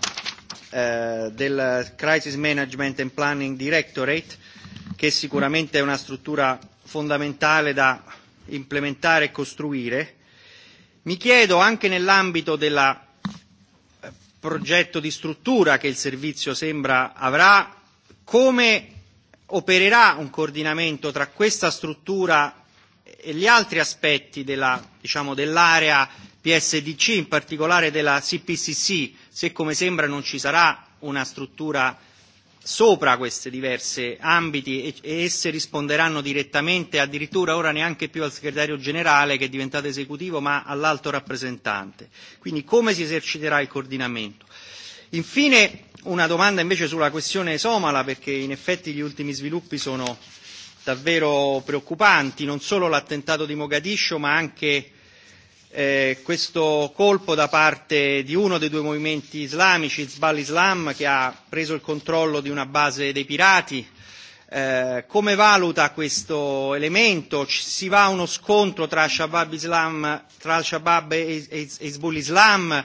eh, del Crisis Management and Planning Directorate, che sicuramente è una struttura fondamentale da implementare e costruire. Mi chiedo anche nell'ambito del eh, progetto di struttura che il servizio sembra avrà, come opererà un coordinamento tra questa struttura e gli altri aspetti della, diciamo, dell'area PSDC, in particolare della CPCC, se come sembra non ci sarà una struttura sopra questi diversi ambiti e, e esse risponderanno direttamente addirittura ora neanche più al segretario generale che è diventato esecutivo ma all'alto rappresentante. Quindi come si eserciterà il coordinamento? Infine una domanda invece sulla questione somala perché in effetti gli ultimi sviluppi sono davvero preoccupanti, non solo l'attentato di Mogadiscio ma anche eh, questo colpo da parte di uno dei due movimenti islamici, Hezbollah Islam, che ha preso il controllo di una base dei pirati. Eh, come valuta questo elemento? Ci, si va a uno scontro tra Shabab, Islam, tra Al-Shabaab e, e, e Hezbollah Islam?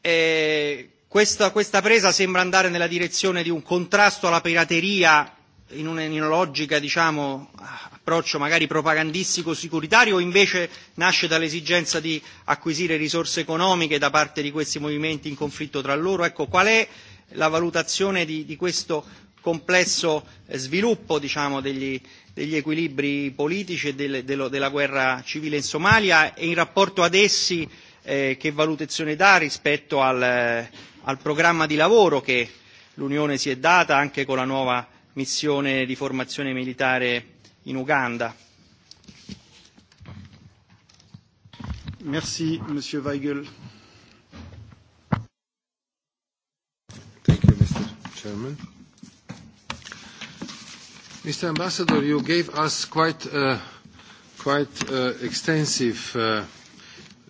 Eh, questa, questa presa sembra andare nella direzione di un contrasto alla pirateria in una, in una logica diciamo, approccio magari propagandistico sicuritario o invece nasce dall'esigenza di acquisire risorse economiche da parte di questi movimenti in conflitto tra loro? Ecco, qual è la valutazione di, di questo complesso eh, sviluppo diciamo, degli, degli equilibri politici e del, dello, della guerra civile in Somalia e in rapporto ad essi eh, che valutazione dà rispetto al, eh, al programma di lavoro che l'Unione si è data anche con la nuova missione di formazione militare in Uganda. Merci, Monsieur Weigel. Thank you, Mr. Chairman. Mr. Ambassador, you gave us quite uh, quite uh, extensive uh,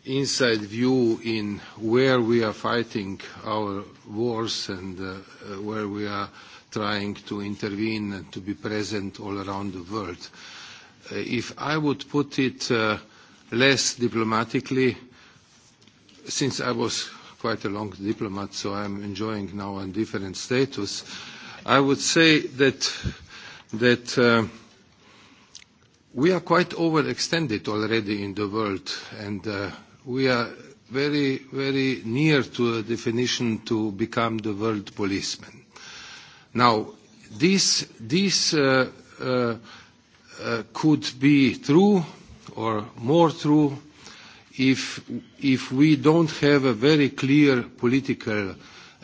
inside view in where we are fighting our wars and uh, where we are uh, trying to intervene and to be present all around the world. Uh, if I would put it uh, less diplomatically, since I was quite a long diplomat, so I'm enjoying now a different status, I would say that, that uh, we are quite overextended already in the world, and uh, we are very, very near to a definition to become the world policeman. Now, this, this uh, uh, uh, could be true or more true if, if we don't have a very clear political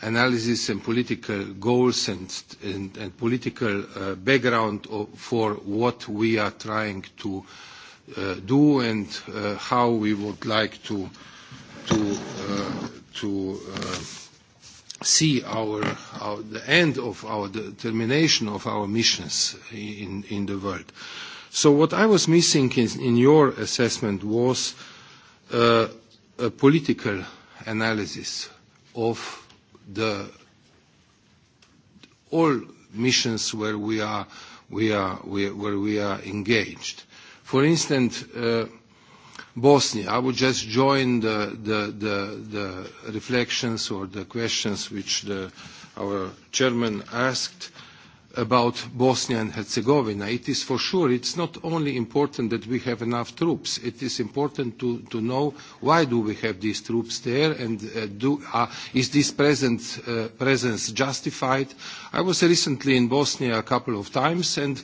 analysis and political goals and, and, and political uh, background of, for what we are trying to uh, do and uh, how we would like to, to, uh, to uh, see our, our, the end of our the termination of our missions in, in the world. So what I was missing in, in your assessment was uh, a political analysis of the all missions where we are, we are, we, where we are engaged. For instance, uh, Bosnia. I would just join the, the, the, the reflections or the questions which the, our chairman asked about Bosnia and Herzegovina. It is for sure, it's not only important that we have enough troops. It is important to, to know why do we have these troops there and uh, do, uh, is this present, uh, presence justified. I was recently in Bosnia a couple of times and uh,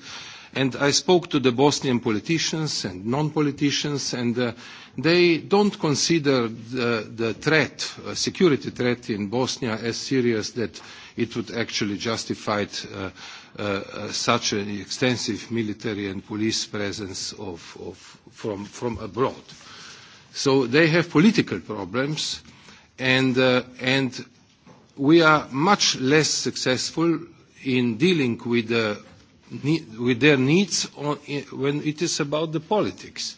and I spoke to the Bosnian politicians and non-politicians, and uh, they don't consider the, the threat, uh, security threat in Bosnia as serious that it would actually justify uh, uh, uh, such an extensive military and police presence of, of, from, from abroad. So they have political problems, and, uh, and we are much less successful in dealing with the uh, with their needs on, when it is about the politics.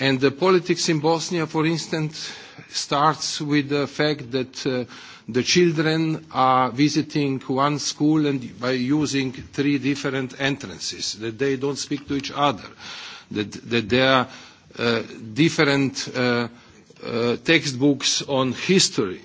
And the politics in Bosnia, for instance, starts with the fact that uh, the children are visiting one school and by using three different entrances, that they don't speak to each other, that, that there are uh, different uh, uh, textbooks on history,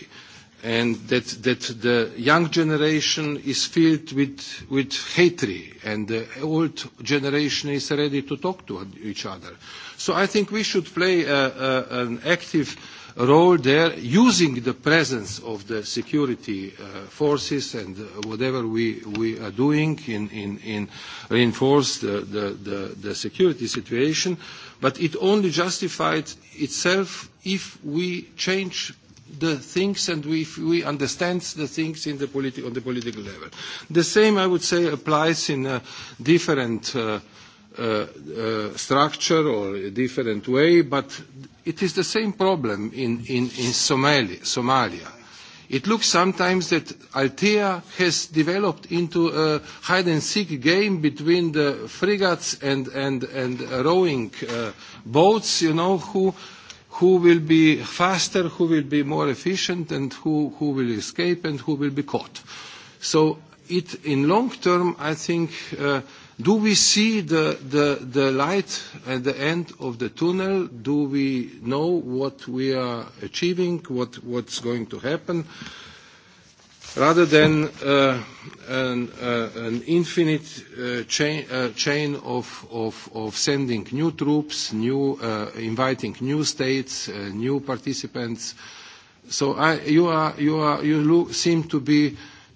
and that, that the young generation is filled with, with hatred and the old generation is ready to talk to each other. So I think we should play a, a, an active role there using the presence of the security uh, forces and whatever we, we are doing in, in, in reinforce the, the, the, the security situation. But it only justifies itself if we change the things and if we understand the things in the politi- on the political level. The same, I would say, applies in a different uh, uh, uh, structure or a different way, but it is the same problem in, in, in Somalia. Somalia. It looks sometimes that Altea has developed into a hide-and-seek game between the frigates and, and, and rowing uh, boats, you know, who who will be faster, who will be more efficient, and who, who will escape and who will be caught. So it, in long term, I think, uh, do we see the, the, the light at the end of the tunnel? Do we know what we are achieving, what, what's going to happen? Uh, rather than uh, an, uh, an infinite uh, chain, uh, chain of, of, of sending new troops, new, uh, inviting new states, uh, new participants. So I, you, are, you, are, you look, seem to be,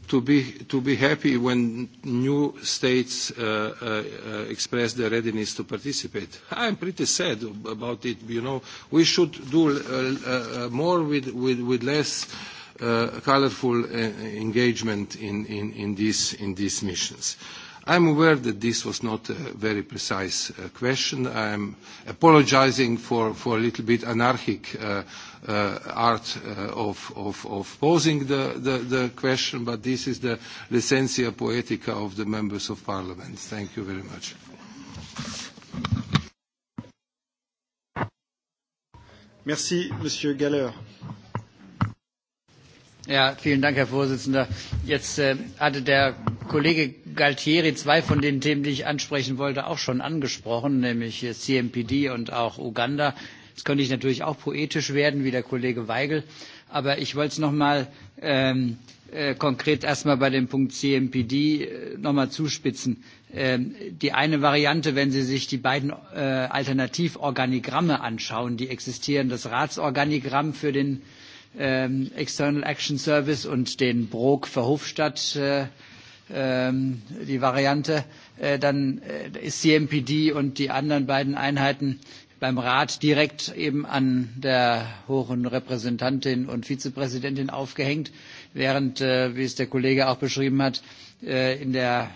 to, be, to be happy when new states uh, uh, uh express their readiness to participate. I'm pretty sad about it. You know, we should do uh, uh, uh more with, with, with less. Uh, uh, colorful uh, engagement in, in, in, these, in these missions. I'm aware that this was not a very precise uh, question. I'm apologizing for, for a little bit anarchic uh, uh, art uh, of, of, of posing the, the, the question, but this is the licentia poetica of the members of parliament. Thank you very much. Merci, Monsieur Galler. Ja, vielen Dank, Herr Vorsitzender. Jetzt äh, hatte der Kollege Galtieri zwei von den Themen, die ich ansprechen wollte, auch schon angesprochen, nämlich äh, CMPD und auch Uganda. Jetzt könnte ich natürlich auch poetisch werden, wie der Kollege Weigel, aber ich wollte es nochmal ähm, äh, konkret erstmal bei dem Punkt CMPD äh, nochmal zuspitzen. Ähm, die eine Variante, wenn Sie sich die beiden äh, Alternativorganigramme anschauen, die existieren, das Ratsorganigramm für den äh, ähm, External Action Service und den Brok Verhofstadt äh, ähm, die Variante, äh, dann äh, ist CMPD und die anderen beiden Einheiten beim Rat direkt eben an der hohen Repräsentantin und Vizepräsidentin aufgehängt, während, äh, wie es der Kollege auch beschrieben hat, äh, in der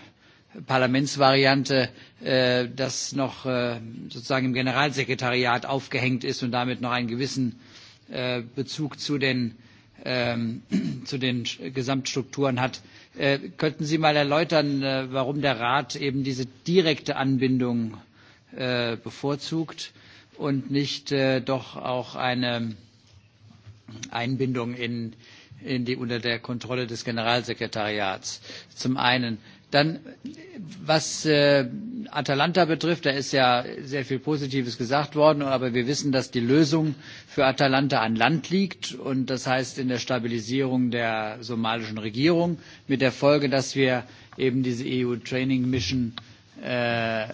Parlamentsvariante äh, das noch äh, sozusagen im Generalsekretariat aufgehängt ist und damit noch einen gewissen äh, äh, Bezug zu den, ähm, zu den Gesamtstrukturen hat. Äh, könnten Sie mal erläutern, äh, warum der Rat eben diese direkte Anbindung äh, bevorzugt und nicht äh, doch auch eine Einbindung in, in die, unter der Kontrolle des Generalsekretariats? Zum einen. Dann, was äh, Atalanta betrifft, da ist ja sehr viel Positives gesagt worden, aber wir wissen, dass die Lösung für Atalanta an Land liegt und das heißt in der Stabilisierung der somalischen Regierung mit der Folge, dass wir eben diese EU Training Mission äh, äh,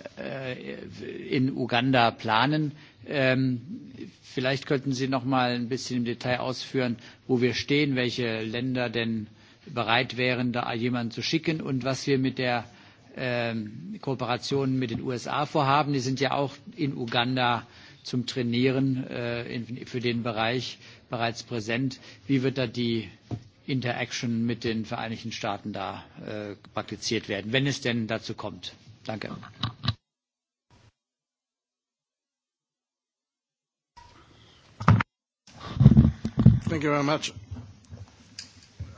in Uganda planen. Ähm, vielleicht könnten Sie noch mal ein bisschen im Detail ausführen, wo wir stehen, welche Länder denn äh, bereit wären, da jemanden zu schicken und was wir mit der ähm, Kooperation mit den USA vorhaben. Die sind ja auch in Uganda zum Trainieren äh, in, für den Bereich bereits präsent. Wie wird da die Interaction mit den Vereinigten Staaten da äh, praktiziert werden, wenn es denn dazu kommt? Danke. Thank you very much.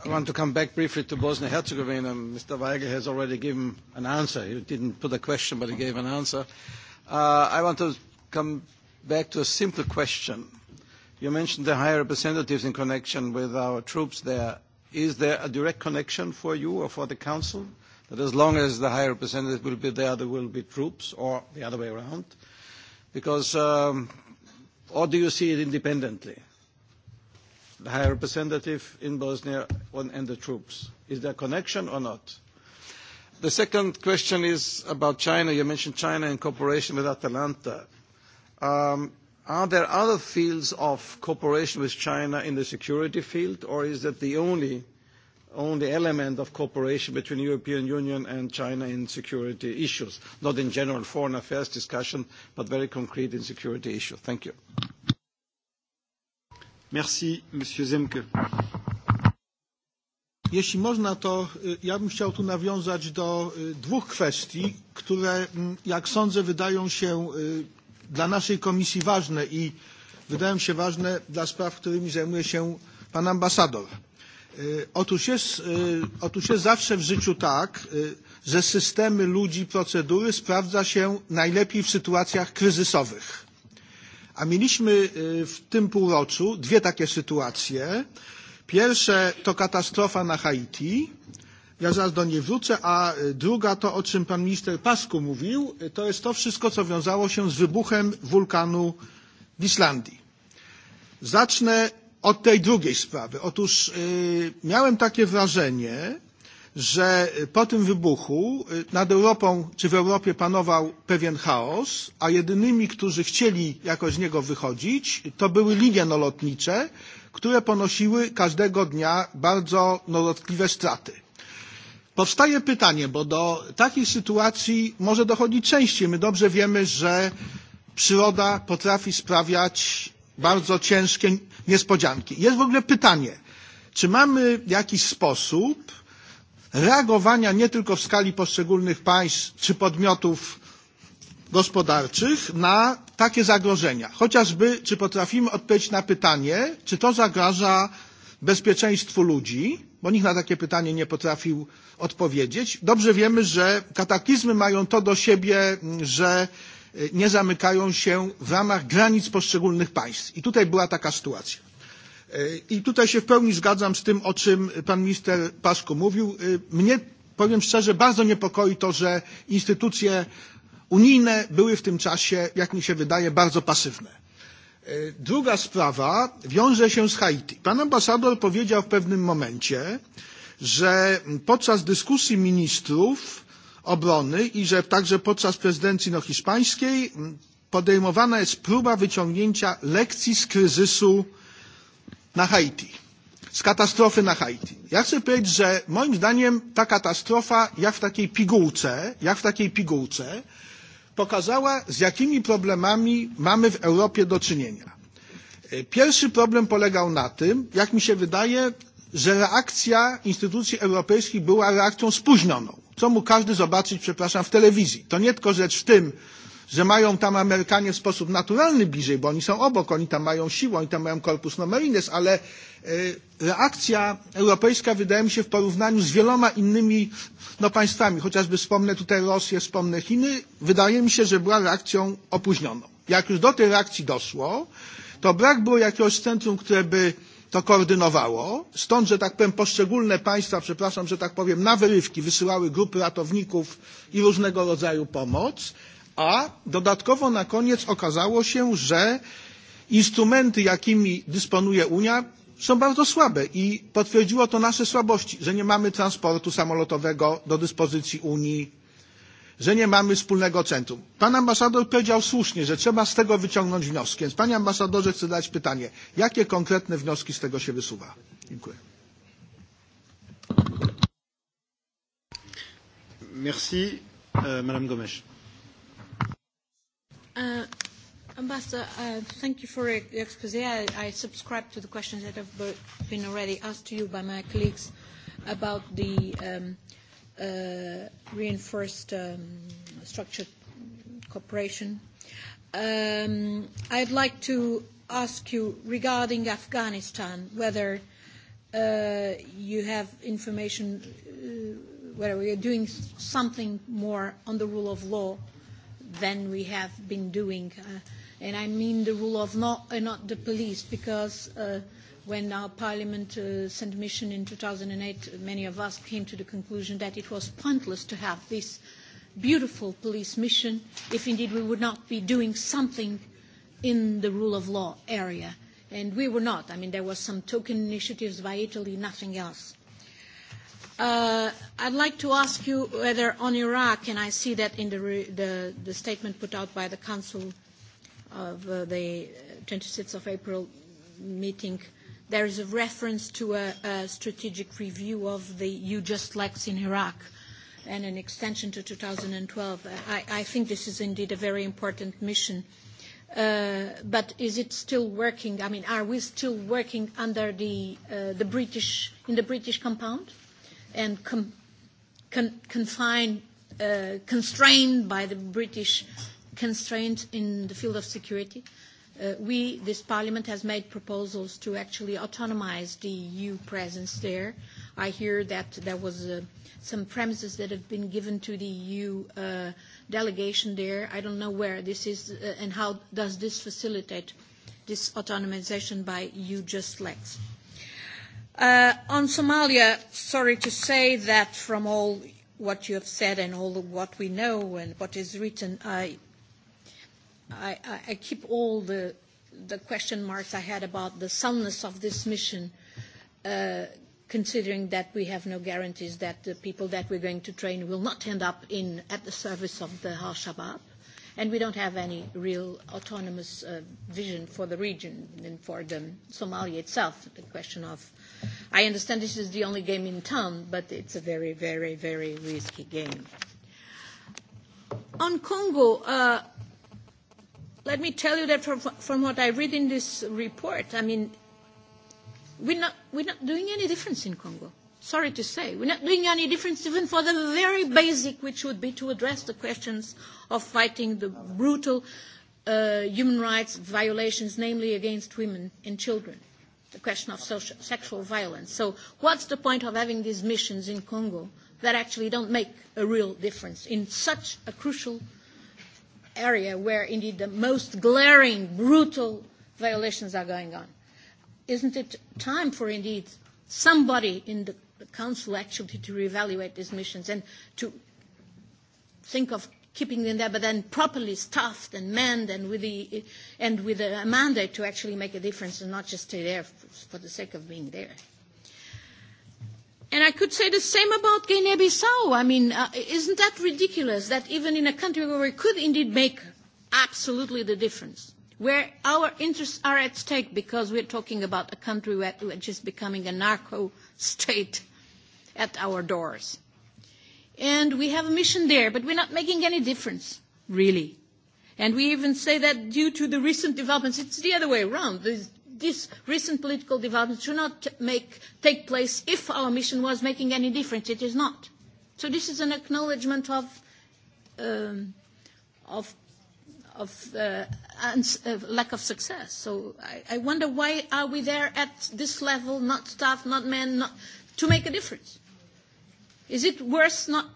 I want to come back briefly to Bosnia-Herzegovina. Mr. Weigel has already given an answer. He didn't put a question, but he gave an answer. Uh, I want to come back to a simple question. You mentioned the high representatives in connection with our troops there. Is there a direct connection for you or for the Council that as long as the high representative will be there, there will be troops, or the other way around? Because, um, or do you see it independently? the High Representative in Bosnia on, and the troops? Is there a connection or not? The second question is about China. You mentioned China in cooperation with Atalanta. Um, are there other fields of cooperation with China in the security field, or is that the only, only element of cooperation between European Union and China in security issues? Not in general foreign affairs discussion, but very concrete in security issues. Thank you. Merci, Monsieur Zemke. Jeśli można, to ja bym chciał tu nawiązać do dwóch kwestii, które, mm, jak sądzę, wydają się dla naszej komisji ważne i wydają się ważne dla spraw, którymi zajmuje się pan ambasador. Otóż jest, otóż jest zawsze w życiu tak, że systemy ludzi, procedury sprawdza się najlepiej w sytuacjach kryzysowych. A mieliśmy w tym półroczu dwie takie sytuacje. Pierwsze to katastrofa na Haiti. Ja zaraz do niej wrócę, a druga to, o czym pan minister Pasku mówił, to jest to wszystko, co wiązało się z wybuchem wulkanu w Islandii. Zacznę od tej drugiej sprawy. Otóż yy, miałem takie wrażenie, że po tym wybuchu nad Europą czy w Europie panował pewien chaos, a jedynymi, którzy chcieli jakoś z niego wychodzić, to były linie nolotnicze, które ponosiły każdego dnia bardzo no, dotkliwe straty. Powstaje pytanie, bo do takich sytuacji może dochodzić częściej. My dobrze wiemy, że przyroda potrafi sprawiać bardzo ciężkie niespodzianki. Jest w ogóle pytanie, czy mamy jakiś sposób, reagowania nie tylko w skali poszczególnych państw czy podmiotów gospodarczych na takie zagrożenia. Chociażby, czy potrafimy odpowiedzieć na pytanie, czy to zagraża bezpieczeństwu ludzi, bo nikt na takie pytanie nie potrafił odpowiedzieć. Dobrze wiemy, że kataklizmy mają to do siebie, że e, nie zamykają się w ramach granic poszczególnych państw. I tutaj była taka sytuacja. I tutaj się w pełni zgadzam z tym, o czym pan minister Pasku mówił. Mnie, powiem szczerze, bardzo niepokoi to, że instytucje unijne były w tym czasie, jak mi się wydaje, bardzo pasywne. Druga sprawa wiąże się z Haiti. Pan ambasador powiedział w pewnym momencie, że podczas dyskusji ministrów obrony i że także podczas prezydencji no hiszpańskiej podejmowana jest próba wyciągnięcia lekcji z kryzysu na Haiti, z katastrofy na Haiti. Ja chcę powiedzieć, że moim zdaniem ta katastrofa, jak w takiej pigułce, jak w takiej pigułce, pokazała, z jakimi problemami mamy w Europie do czynienia. E, pierwszy problem polegał na tym, jak mi się wydaje, że reakcja instytucji europejskich była reakcją spóźnioną, co mógł każdy zobaczyć, przepraszam, w telewizji. To nie tylko rzecz w tym, że mają tam Amerykanie w sposób naturalny bliżej, bo oni są obok, oni tam mają siłę, oni tam mają korpus nomerines, ale e, reakcja europejska wydaje mi się w porównaniu z wieloma innymi no, państwami, chociażby wspomnę tutaj Rosję, wspomnę Chiny, wydaje mi się, że była reakcją opóźnioną. Jak już do tej reakcji doszło, to brak było jakiegoś centrum, które by to koordynowało. Stąd, że tak powiem, poszczególne państwa, przepraszam, że tak powiem, na wyrywki wysyłały grupy ratowników i różnego rodzaju pomoc, a dodatkowo na koniec okazało się, że instrumenty, jakimi dysponuje Unia, są bardzo słabe i potwierdziło to nasze słabości, że nie mamy transportu samolotowego do dyspozycji Unii, że nie mamy wspólnego centrum. Pan ambasador powiedział słusznie, że trzeba z tego wyciągnąć wnioski. Więc panie ambasadorze chcę dać pytanie, jakie konkretne wnioski z tego się wysuwa? Dziękuję. Merci, euh, Madame Gomes. Uh, Ambassador, uh, thank you for your expose. I, I subscribe to the questions that have been already asked to you by my colleagues about the um, uh, reinforced um, structured cooperation. Um, I'd like to ask you regarding Afghanistan, whether uh, you have information, uh, whether we are doing something more on the rule of law uh, than we have been doing. Uh, and I mean the rule of law and uh, not the police, because uh, when our parliament uh, sent mission in 2008, many of us came to the conclusion that it was pointless to have this beautiful police mission if indeed we would not be doing something in the rule of law area. And we were not. I mean, there were some token initiatives by Italy, nothing else. Uh, I'd like to ask you whether on Iraq, and I see that in the, re, the, the statement put out by the Council of uh, the 26th of April meeting, there is a reference to a, a strategic review of the You Just Lex in Iraq and an extension to 2012. I, I think this is indeed a very important mission. Uh, but is it still working? I mean, are we still working under the, uh, the British, in the British compound? and com- con- confined, uh, constrained by the British constraints in the field of security. Uh, we, this Parliament, has made proposals to actually autonomize the EU presence there. I hear that there was uh, some premises that have been given to the EU uh, delegation there. I don't know where this is uh, and how does this facilitate this autonomization by EU just legs. Uh, Uh, on Somalia, sorry to say that from all what you have said and all what we know and what is written, I, I, I keep all the, the question marks I had about the soundness of this mission, uh, considering that we have no guarantees that the people that we're going to train will not end up in, at the service of the Al-Shabaab and we don't have any real autonomous uh, vision for the region and for the Somalia itself. The question of I understand this is the only game in town, but it's a very, very, very risky game. On Congo, uh, let me tell you that from, from what I read in this report, I mean, we're not, we're not doing any difference in Congo. Sorry to say, we're not doing any difference even for the very basic, which would be to address the questions of fighting the brutal uh, human rights violations, namely against women and children the question of social, sexual violence. So what's the point of having these missions in Congo that actually don't make a real difference in such a crucial area where indeed the most glaring, brutal violations are going on? Isn't it time for indeed somebody in the, the council actually to reevaluate these missions and to think of keeping them there, but then properly staffed and manned and with, the, and with a mandate to actually make a difference and not just stay there for the sake of being there. And I could say the same about Guinea-Bissau. I mean, uh, isn't that ridiculous that even in a country where we could indeed make absolutely the difference, where our interests are at stake because we're talking about a country which is becoming a narco state at our doors, and we have a mission there, but we're not making any difference, really. And we even say that due to the recent developments, it's the other way around. These, these recent political developments should not make, take place if our mission was making any difference. It is not. So this is an acknowledgement of, um, of of uh, uns- uh, lack of success. So I, I wonder why are we there at this level, not staff, not men, not, to make a difference. Is it worse not?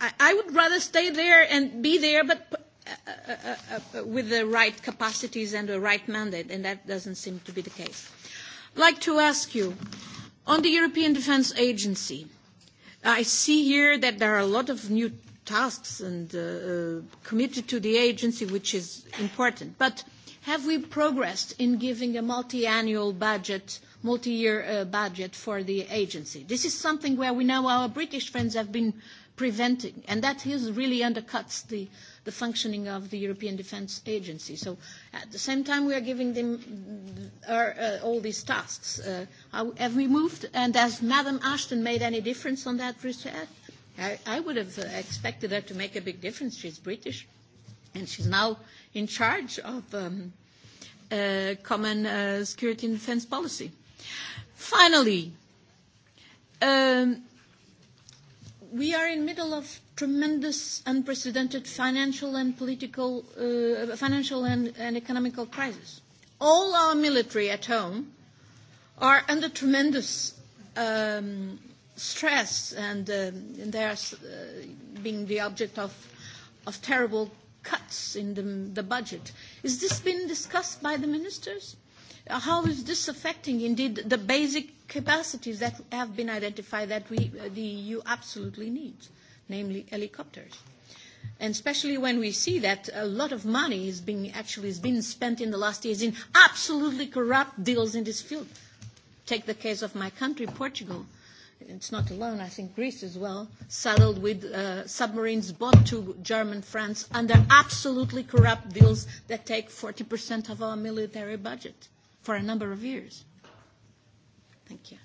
I, I would rather stay there and be there, but uh, uh, uh, uh, with the right capacities and the right mandate, and that doesn't seem to be the case. I'd like to ask you, on the European Defence Agency, I see here that there are a lot of new tasks and uh, uh, committed to the agency, which is important. But have we progressed in giving a multi-annual budget multi-year uh, budget for the agency. This is something where we know our British friends have been preventing, and that is really undercuts the, the functioning of the European Defence Agency. So at the same time, we are giving them our, uh, uh, all these tasks. Uh, how, have we moved? And has Madam Ashton made any difference on that research? I, I would have uh, expected her to make a big difference. She's British, and she's now in charge of um, uh, common uh, security and defence policy. Finally, um, we are in middle of tremendous, unprecedented financial and political, uh, financial and, and economical crisis. All our military at home are under tremendous um, stress, and, um, and they are uh, being the object of, of terrible cuts in the, the budget. Is this been discussed by the ministers? how is this affecting indeed the basic capacities that have been identified that we, uh, the EU absolutely needs, namely helicopters? And especially when we see that a lot of money is being actually has been spent in the last years in absolutely corrupt deals in this field. Take the case of my country, Portugal. It's not alone, I think Greece as well, saddled with uh, submarines bought to German, France, under absolutely corrupt deals that take 40% of our military budget. Uh, for a number of years. Thank you.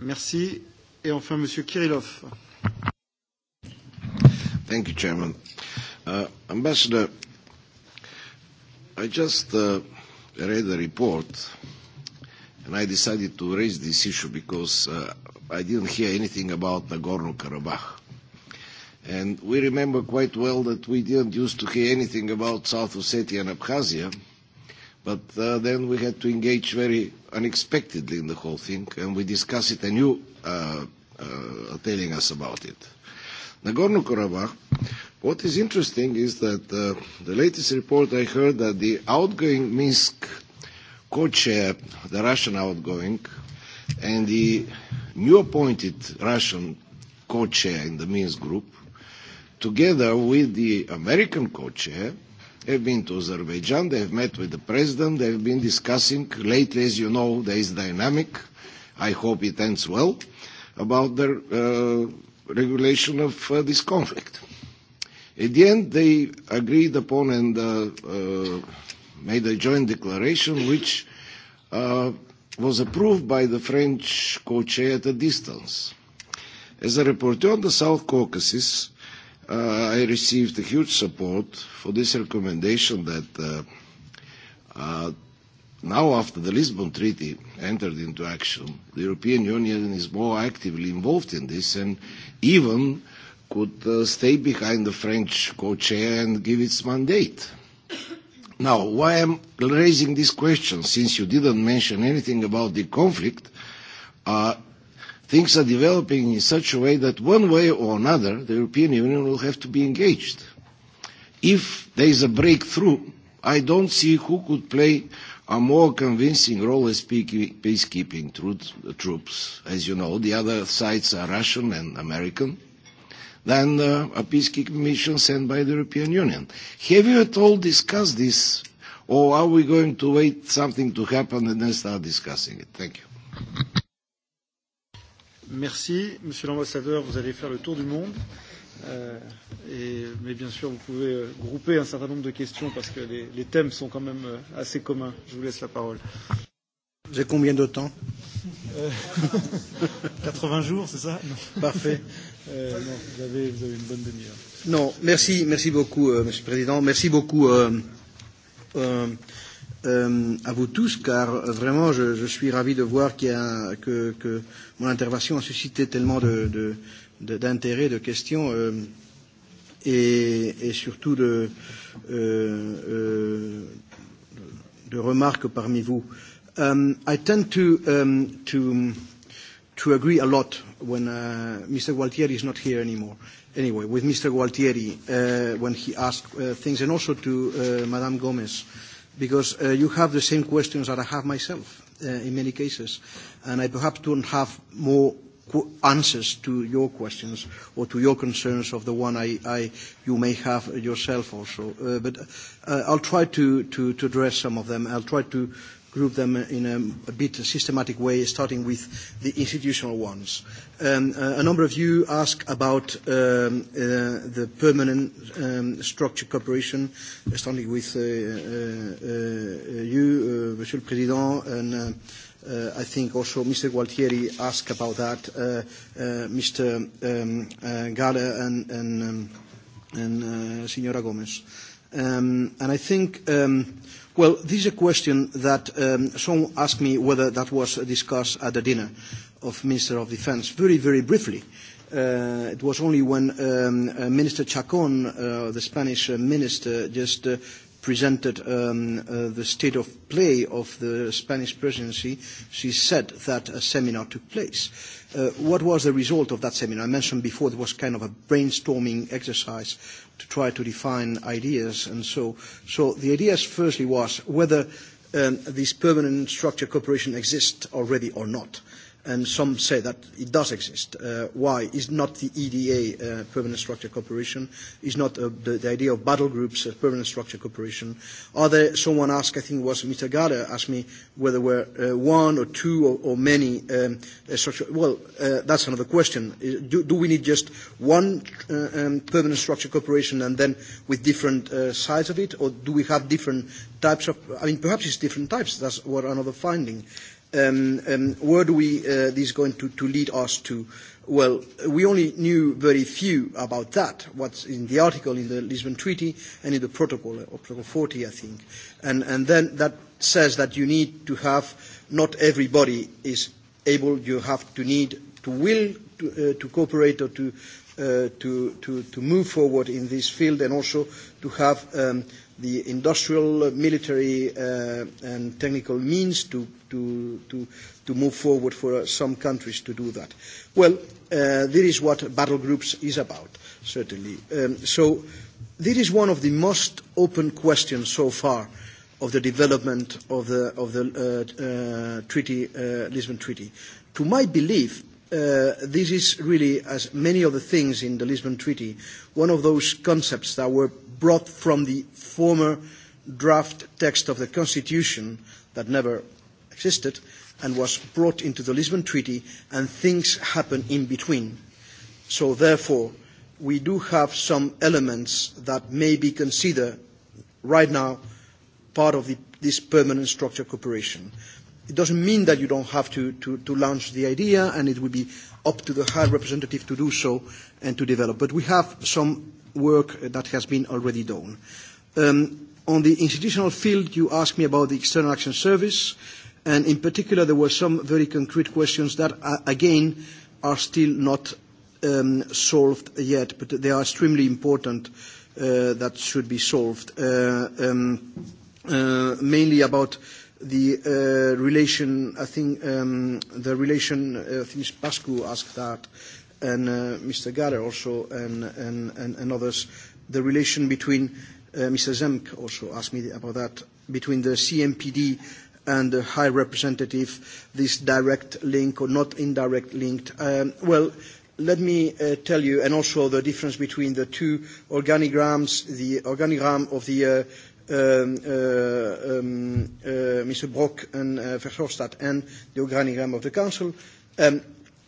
Merci. Et enfin, Monsieur Kirillov. Thank you, Chairman. Uh, Ambassador, I just uh, read the report and I decided to raise this issue because uh, I didn't hear anything about Nagorno-Karabakh. And we remember quite well that we didn't used to hear anything about South Ossetia and Abkhazia But uh, then we had to engage very unexpectedly in the whole thing, and we discussed it, and you uh, uh, are telling us about it. Nagorno-Karabakh, what is interesting is that uh, the latest report I heard that the outgoing Minsk co-chair, the Russian outgoing, and the new appointed Russian co-chair in the Minsk group, together with the American co-chair, have been to Azerbaijan, they have met with the president, they have been discussing lately, as you know, there is dynamic, I hope it ends well, about the uh, regulation of uh, this conflict. At the end, they agreed upon and uh, uh, made a joint declaration which uh, was approved by the French co-chair at a distance. As a rapporteur on the South Caucasus, uh, I received a huge support for this recommendation that uh, uh, now after the Lisbon Treaty entered into action, the European Union is more actively involved in this and even could uh, stay behind the French co-chair and give its mandate. Now, why I'm raising this question, since you didn't mention anything about the conflict, uh, things are developing in such a way that one way or another, the European Union will have to be engaged. If there is a breakthrough, I don't see who could play a more convincing role as peacekeeping tro- uh, troops. As you know, the other sides are Russian and American than uh, a peacekeeping mission sent by the European Union. Have you at all discussed this, or are we going to wait something to happen and then start discussing it? Thank you. Merci. Monsieur l'ambassadeur, vous allez faire le tour du monde. Euh, et, mais bien sûr, vous pouvez euh, grouper un certain nombre de questions parce que les, les thèmes sont quand même euh, assez communs. Je vous laisse la parole. J'ai combien de temps euh, 80 jours, c'est ça non. Parfait. Euh, non, vous, avez, vous avez une bonne demi-heure. Non, merci, merci beaucoup, euh, Monsieur le Président. Merci beaucoup. Euh, euh, euh, à vous tous, car euh, vraiment, je, je suis ravi de voir qu'il y a, que, que mon intervention a suscité tellement de, de, de, d'intérêt, de questions, euh, et, et surtout de, euh, euh, de remarques parmi vous. Um, I tend to, um, to, to agree a lot when uh, Mr. Gualtieri is not here anymore. Anyway, with Mr. Gualtieri, uh, when he asked uh, things, and also to uh, Madame Gomez. Uh, because uh, you have the same questions that I have myself uh, in many cases, and I perhaps don't have more answers to your questions or to your concerns of the one I, I, you may have yourself also. Uh, but uh, I'll try to, to, to address some of them. I'll try to, group them in a, a bit systematic way, starting with the institutional ones. Um, uh, a number of you asked about um, uh, the permanent um, structure cooperation, uh, starting with uh, uh, uh, you, uh, Monsieur le Président, and uh, uh, I think also Mr. Gualtieri asked about that, uh, uh, Mr. Um, uh, Gala and, and, um, and uh, Senora Gomez. Um, and I think um, uh, Well, this is a question that um, someone asked me whether that was discussed at the dinner of Minister of Defense. Very, very briefly, uh, it was only when um, uh, Minister Chacon, uh, the Spanish uh, minister, just uh, presented um, uh, the state of play of the Spanish presidency, she said that a seminar took place. Uh, what was the result of that seminar? I mentioned before there was kind of a brainstorming exercise to try to define ideas. And so, so the ideas firstly was whether um, this permanent structure cooperation exists already or not. Uh, and some say that it does exist. Uh, why? Is not the EDA uh, permanent structure cooperation? Is not uh, the, the idea of battle groups uh, permanent structure cooperation? Are there, someone asked, I think it was Mr. Gada asked me whether there were uh, one or two or, or many um, uh, structure. Well, uh, that's another question. Uh, do, do we need just one uh, um, permanent structure cooperation and then with different uh, sides of it? Or do we have different types of, I mean, perhaps it's different types. That's what another finding. Uh, um, um, where do we, uh, this is going to, to lead us to? Well, we only knew very few about that, what's in the article in the Lisbon Treaty and in the protocol, or uh, Protocol 40, I think. And, and then that says that you need to have, not everybody is able, you have to need to will to, uh, to cooperate or to, uh, to, to, to move forward in this field and also to have um, the industrial, military, uh, and technical means to, to, to, to move forward for uh, some countries to do that. Well, uh, this is what battle groups is about, certainly. Um, so this is one of the most open questions so far of the development of the, of the uh, uh, treaty, uh, Lisbon Treaty. To my belief, uh, this is really, as many of the things in the Lisbon Treaty, one of those concepts that were brought from the former draft text of the Constitution that never existed and was brought into the Lisbon Treaty, and things happen in between. So therefore, we do have some elements that may be considered right now part of the, this permanent structure cooperation. It doesn't mean that you don't have to, to, to launch the idea, and it would be up to the High Representative to do so and to develop. But we have some work that has been already done. Um, on the institutional field, you asked me about the External Action Service, and in particular, there were some very concrete questions that, uh, again, are still not um, solved yet, but they are extremely important uh, that should be solved, uh, um, uh, mainly about the uh, relation, I think um, the relation, uh, I think Pascu asked that, and uh, Mr. Galler also and, and, and, and others, the relation between, uh, Mr. Zemk also asked me about that, between the CMPD and the High Representative, this direct link or not indirect linked. Um, well, let me uh, tell you, and also the difference between the two organigrams, the organigram of the uh, um, uh, um, uh, Mr. Brock and uh, Verhofstadt and the organigram of the Council. Um,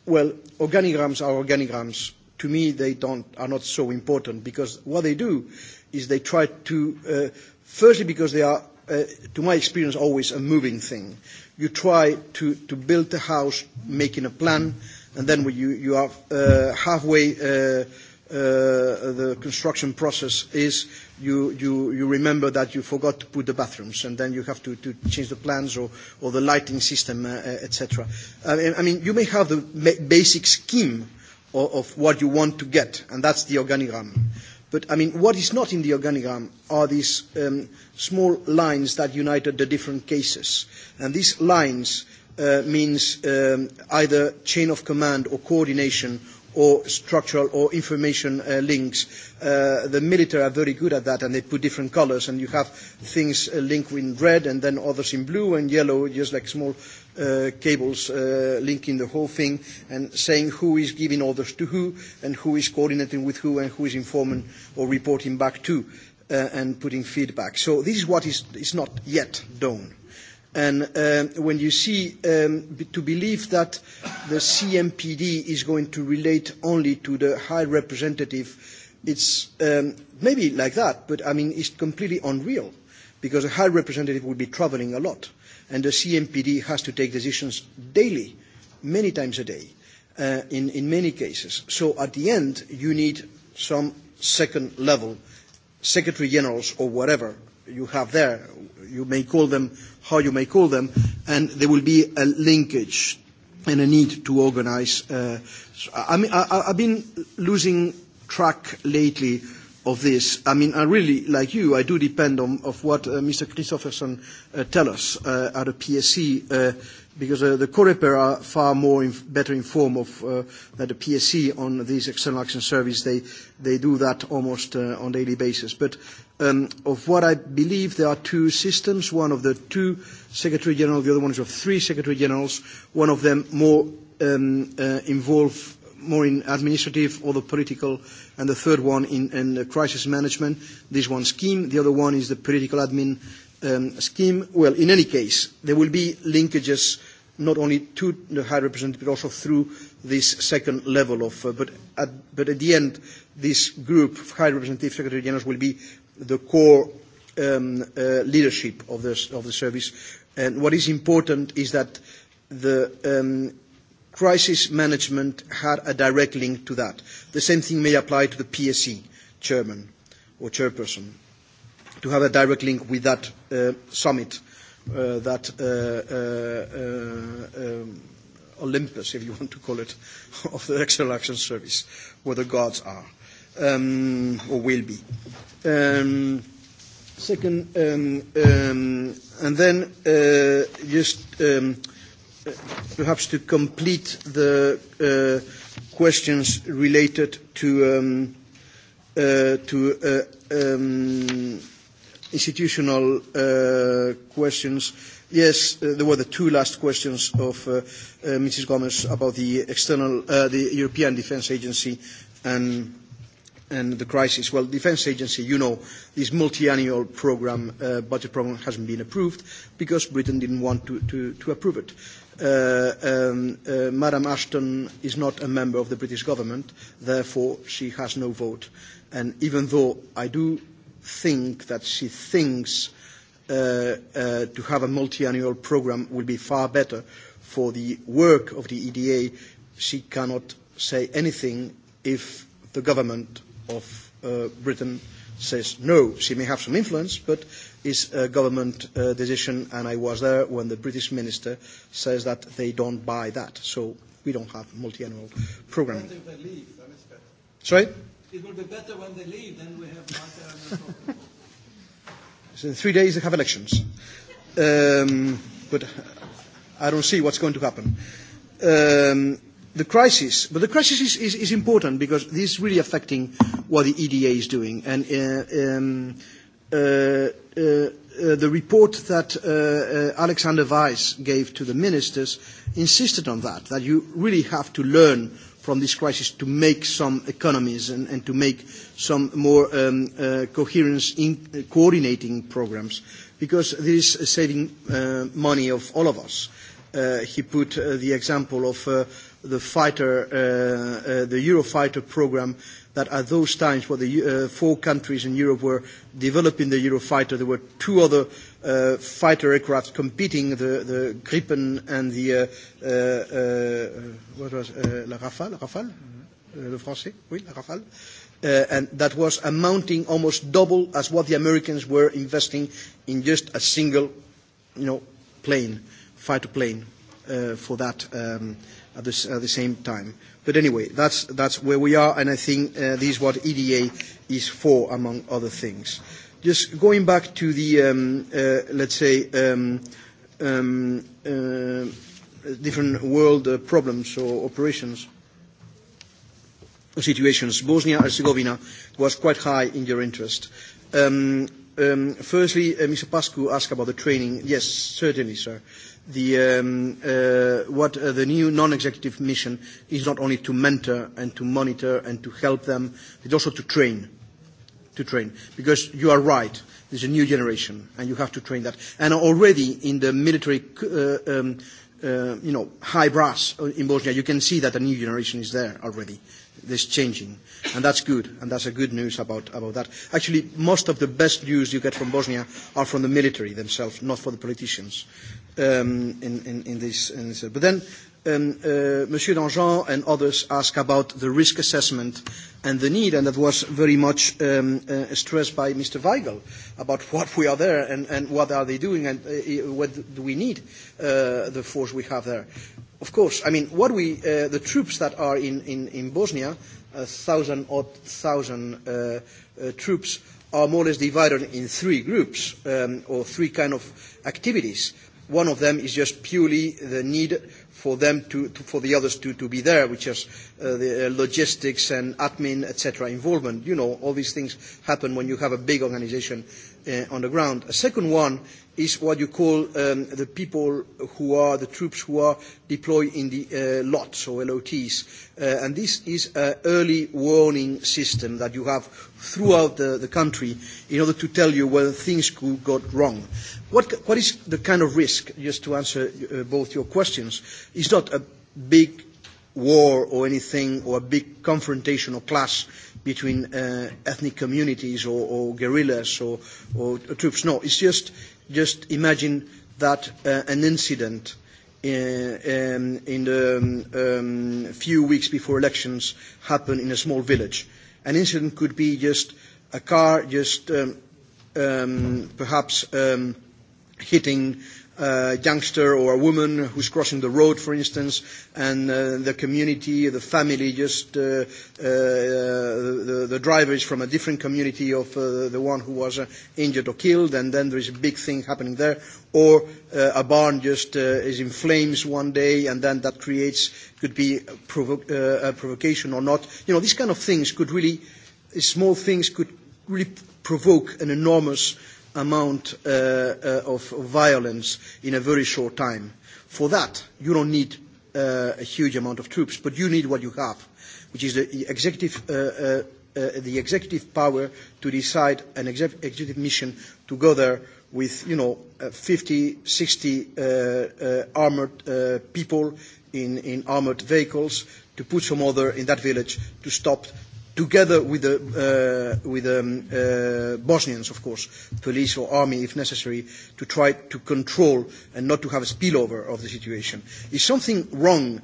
Well, organigrams are organigrams. To me, they don't, are not so important because what they do is they try to, uh, firstly, because they are, uh, to my experience, always a moving thing. You try to, to build a house making a plan, and then when you, you are uh, halfway. Uh, uh, the construction process is you, you, you remember that you forgot to put the bathrooms and then you have to, to change the plans or, or the lighting system, uh, uh etc. I mean, you may have the basic scheme of, of what you want to get, and that's the organigram. But I mean, what is not in the organigram are these um, small lines that united the different cases. And these lines uh, means um, either chain of command or coordination or structural or information uh, links. Uh, the military are very good at that, and they put different colors, and you have things uh, linked in red and then others in blue and yellow, just like small uh, cables uh, linking the whole thing and saying who is giving orders to who and who is coordinating with who and who is informing or reporting back to uh, and putting feedback. So this is what is, is not yet done. Uh, And uh, when you see, um, to believe that the CMPD is going to relate only to the High Representative, it's um, maybe like that, but I mean, it's completely unreal, because a High Representative would be traveling a lot, and the CMPD has to take decisions daily, many times a day, uh, in, in many cases. So at the end, you need some second level secretary generals or whatever you have there, you may call them how you may call them, and there will be a linkage and a need to organize. Uh, I mean, I, I've been losing track lately of this. I mean, I really, like you, I do depend on of what uh, Mr. Christofferson uh, tells us uh, at a PSC uh, because uh, the COREPER are far more inf- better informed of uh, than the PSC on these external action service. They, they do that almost uh, on a daily basis. But um, of what I believe, there are two systems, one of the two Secretary General, the other one is of three Secretary Generals, one of them more um, uh, involved more in administrative or the political, and the third one in, in uh, crisis management. This one scheme, the other one is the political admin um, scheme. Well, in any case, there will be linkages not only to the High Representative, but also through this second level of. Uh, but, at, but at the end, this group, High Representative Secretary General, will be the core um, uh, leadership of the, of the service. And what is important is that the um, crisis management had a direct link to that. The same thing may apply to the PSC e chairman or chairperson, to have a direct link with that uh, summit uh, uh, that uh, uh, uh, um, Olympus, if you want to call it, of the External Action Service, where the gods are, um, or will be. Um, second, um, um, and then uh, just um, uh, perhaps to complete the uh, questions related to um, uh, to uh, um, institutional uh, questions, yes, uh, there were the two last questions of uh, uh, Mrs. Gomez about the external, uh, the European Defence Agency and and the crisis. Well, Defence Agency, you know, this multi-annual program, uh, budget program hasn't been approved because Britain didn't want to, to, to approve it. Uh, um, uh, Madam Ashton is not a member of the British government, therefore she has no vote. And even though I do think that she thinks uh, uh, to have a multi-annual program will be far better for the work of the EDA, she cannot say anything if the government of uh, Britain says no. She may have some influence, but is a government uh, decision, and I was there when the British minister says that they don't buy that. So we don't have multi-annual programming. When do they leave? Sorry? It will be better when they leave, then we have not problem. so in three days they have elections. Um, but I don't see what's going to happen. Um, the crisis, but the crisis is, is, is important because this is really affecting what the EDA is doing. And uh, um, uh, uh, uh, the report that uh, uh, Alexander Weiss gave to the ministers insisted on that, that you really have to learn from this crisis to make some economies and, and to make some more um, uh, coherence in uh, coordinating programs, because this is saving uh, money of all of us. Uh, he put uh, the example of uh, the fighter, uh, uh, the Eurofighter program that at those times where the uh, four countries in Europe were developing the Eurofighter, there were two other uh, uh, fighter aircraft competing, the, the Gripen and the, uh, uh, uh, what was, uh, la Rafale, Rafale? Mm-hmm. Uh, le français, oui, la Rafale. Uh, and that was amounting almost double as what the Americans were investing in just a single, you know, plane, fighter plane, uh, for that um, at, the, at the same time. But anyway, that's, that's where we are, and I think uh, this is what EDA is for, among other things. Uh, Just going back to the, um, uh, let's say, um, um, uh, different world uh, problems or operations or situations, Bosnia-Herzegovina was quite high in your interest. Um, um, firstly, uh, Mr. Pascu asked about the training. Yes, certainly, sir. The, um, uh, what uh, the new non-executive mission is not only to mentor and to monitor and to help them, it's also to train. Uh, to train. Because you are right, there's a new generation, and you have to train that. And already in the military, uh, um, uh, you know, high brass in Bosnia, you can see that a new generation is there already. That's changing, and that's good, and that's a good news about, about that. Actually, most of the best news you get from Bosnia are from the military themselves, not for the politicians. Um, in, in, in this, in this. But then and uh, Monsieur Danjean and others asked about the risk assessment and the need, and that was very much um, uh, stressed by Mr. Weigel about what we are there and, and what are they doing and uh, what do we need uh, the force we have there. Of course, I mean, what we, uh, the troops that are in, in, in Bosnia, a thousand odd thousand uh, uh, troops, are more or less divided in three groups um, or three kind of activities. One of them is just purely the need for them to, to for the others to, to be there, which is uh, the uh, logistics and admin, etc. involvement. You know, all these things happen when you have a big organization uh, on the ground. A second one is what you call um, the people who are the troops who are deployed in the uh, LOTs or LOTs. Uh, and this is an early warning system that you have throughout the, the country in order to tell you whether things could go wrong. What, what is the kind of risk, just to answer uh, both your questions, is not a big war or anything or a big confrontation or clash between uh, ethnic communities or, or guerrillas or, or, or troops. No, it's just, just imagine that uh, an incident in, uh, um, in the um, um, few weeks before elections happened in a small village. An incident could be just a car just um, um, perhaps um, hitting uh, uh, youngster or a woman who's crossing the road, for instance, and uh, the community, the family, just uh, uh, the, the driver is from a different community of uh, the one who was uh, injured or killed, and then there is a big thing happening there, or uh, a barn just uh, is in flames one day, and then that creates could be provo- uh, a provocation or not. You know, these kind of things could really, small things could really provoke an enormous amount uh, uh, of violence in a very short time. For that, you don't need uh, a huge amount of troops, but you need what you have, which is the executive, uh, uh, uh, the executive power to decide an exec- executive mission together with, you know, uh, 50, 60 uh, uh, armored uh, people in, in armored vehicles to put some order in that village to stop together with the, uh, with the um, uh, Bosnians, of course, police or army, if necessary, to try to control and not to have a spillover of the situation. If something wrong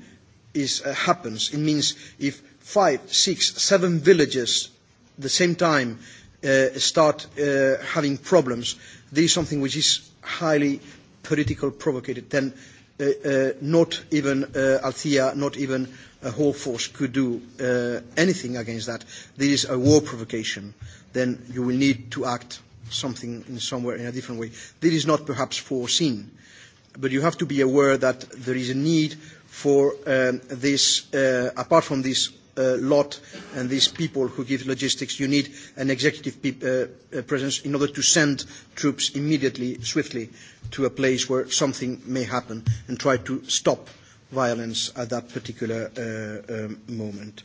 is, uh, happens, it means if five, six, seven villages at the same time uh, start uh, having problems, this is something which is highly political provocated. Then uh, uh, not even uh, Althea, not even uh, a whole force could do uh, anything against that. This is a war provocation. Then you will need to act something in somewhere in a different way. This is not perhaps foreseen, but you have to be aware that there is a need for um, this, uh, apart from this uh, lot and these people who give logistics, you need an executive pe- uh, uh, presence in order to send troops immediately, swiftly, to a place where something may happen and try to stop violence at that particular uh, um, moment.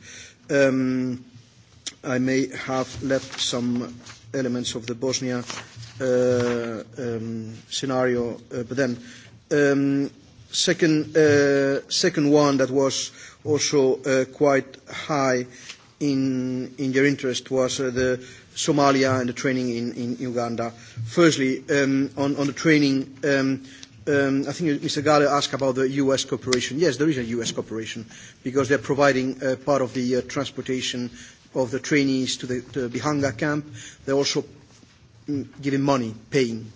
Um, I may have left some elements of the Bosnia uh, um, scenario, uh, but then um, second, uh, second one that was also uh, quite high in, in their interest was uh, the Somalia and the training in, in Uganda. Firstly, um, on, on the training, um, um, I think Mr. Gale asked about the U.S. cooperation. Yes, there is a U.S. cooperation because they're providing uh, part of the uh, transportation of the trainees to the, to the Bihanga camp. They're also mm, giving money, paying.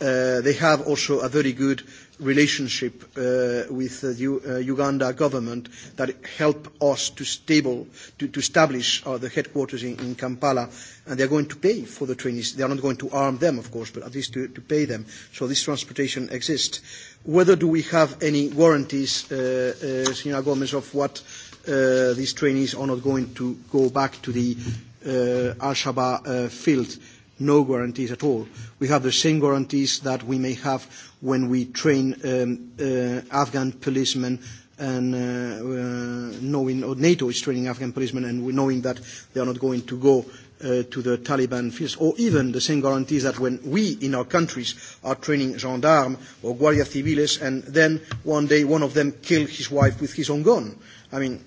Uh, they have also a very good uh, relationship uh, with the U- uh, Uganda government that help us to, stable, to, to establish uh, the headquarters in, in Kampala. And they are going to pay for the trainees. They are not going to arm them, of course, but at least to, to pay them. So this transportation exists. Whether do we have any guaranties, uh, uh, Senora Gomez, of what uh, these trainees are not going to go back to the uh, Al-Shabaab uh, field? No guarantees at all. We have the same guarantees that we may have when we train um, uh, Afghan policemen and uh, uh, knowing, or NATO is training Afghan policemen and knowing that they are not going to go uh, to the Taliban fields, or even the same guarantees that when we in our countries are training gendarmes or guardia civiles, and then one day one of them kill his wife with his own gun. I mean,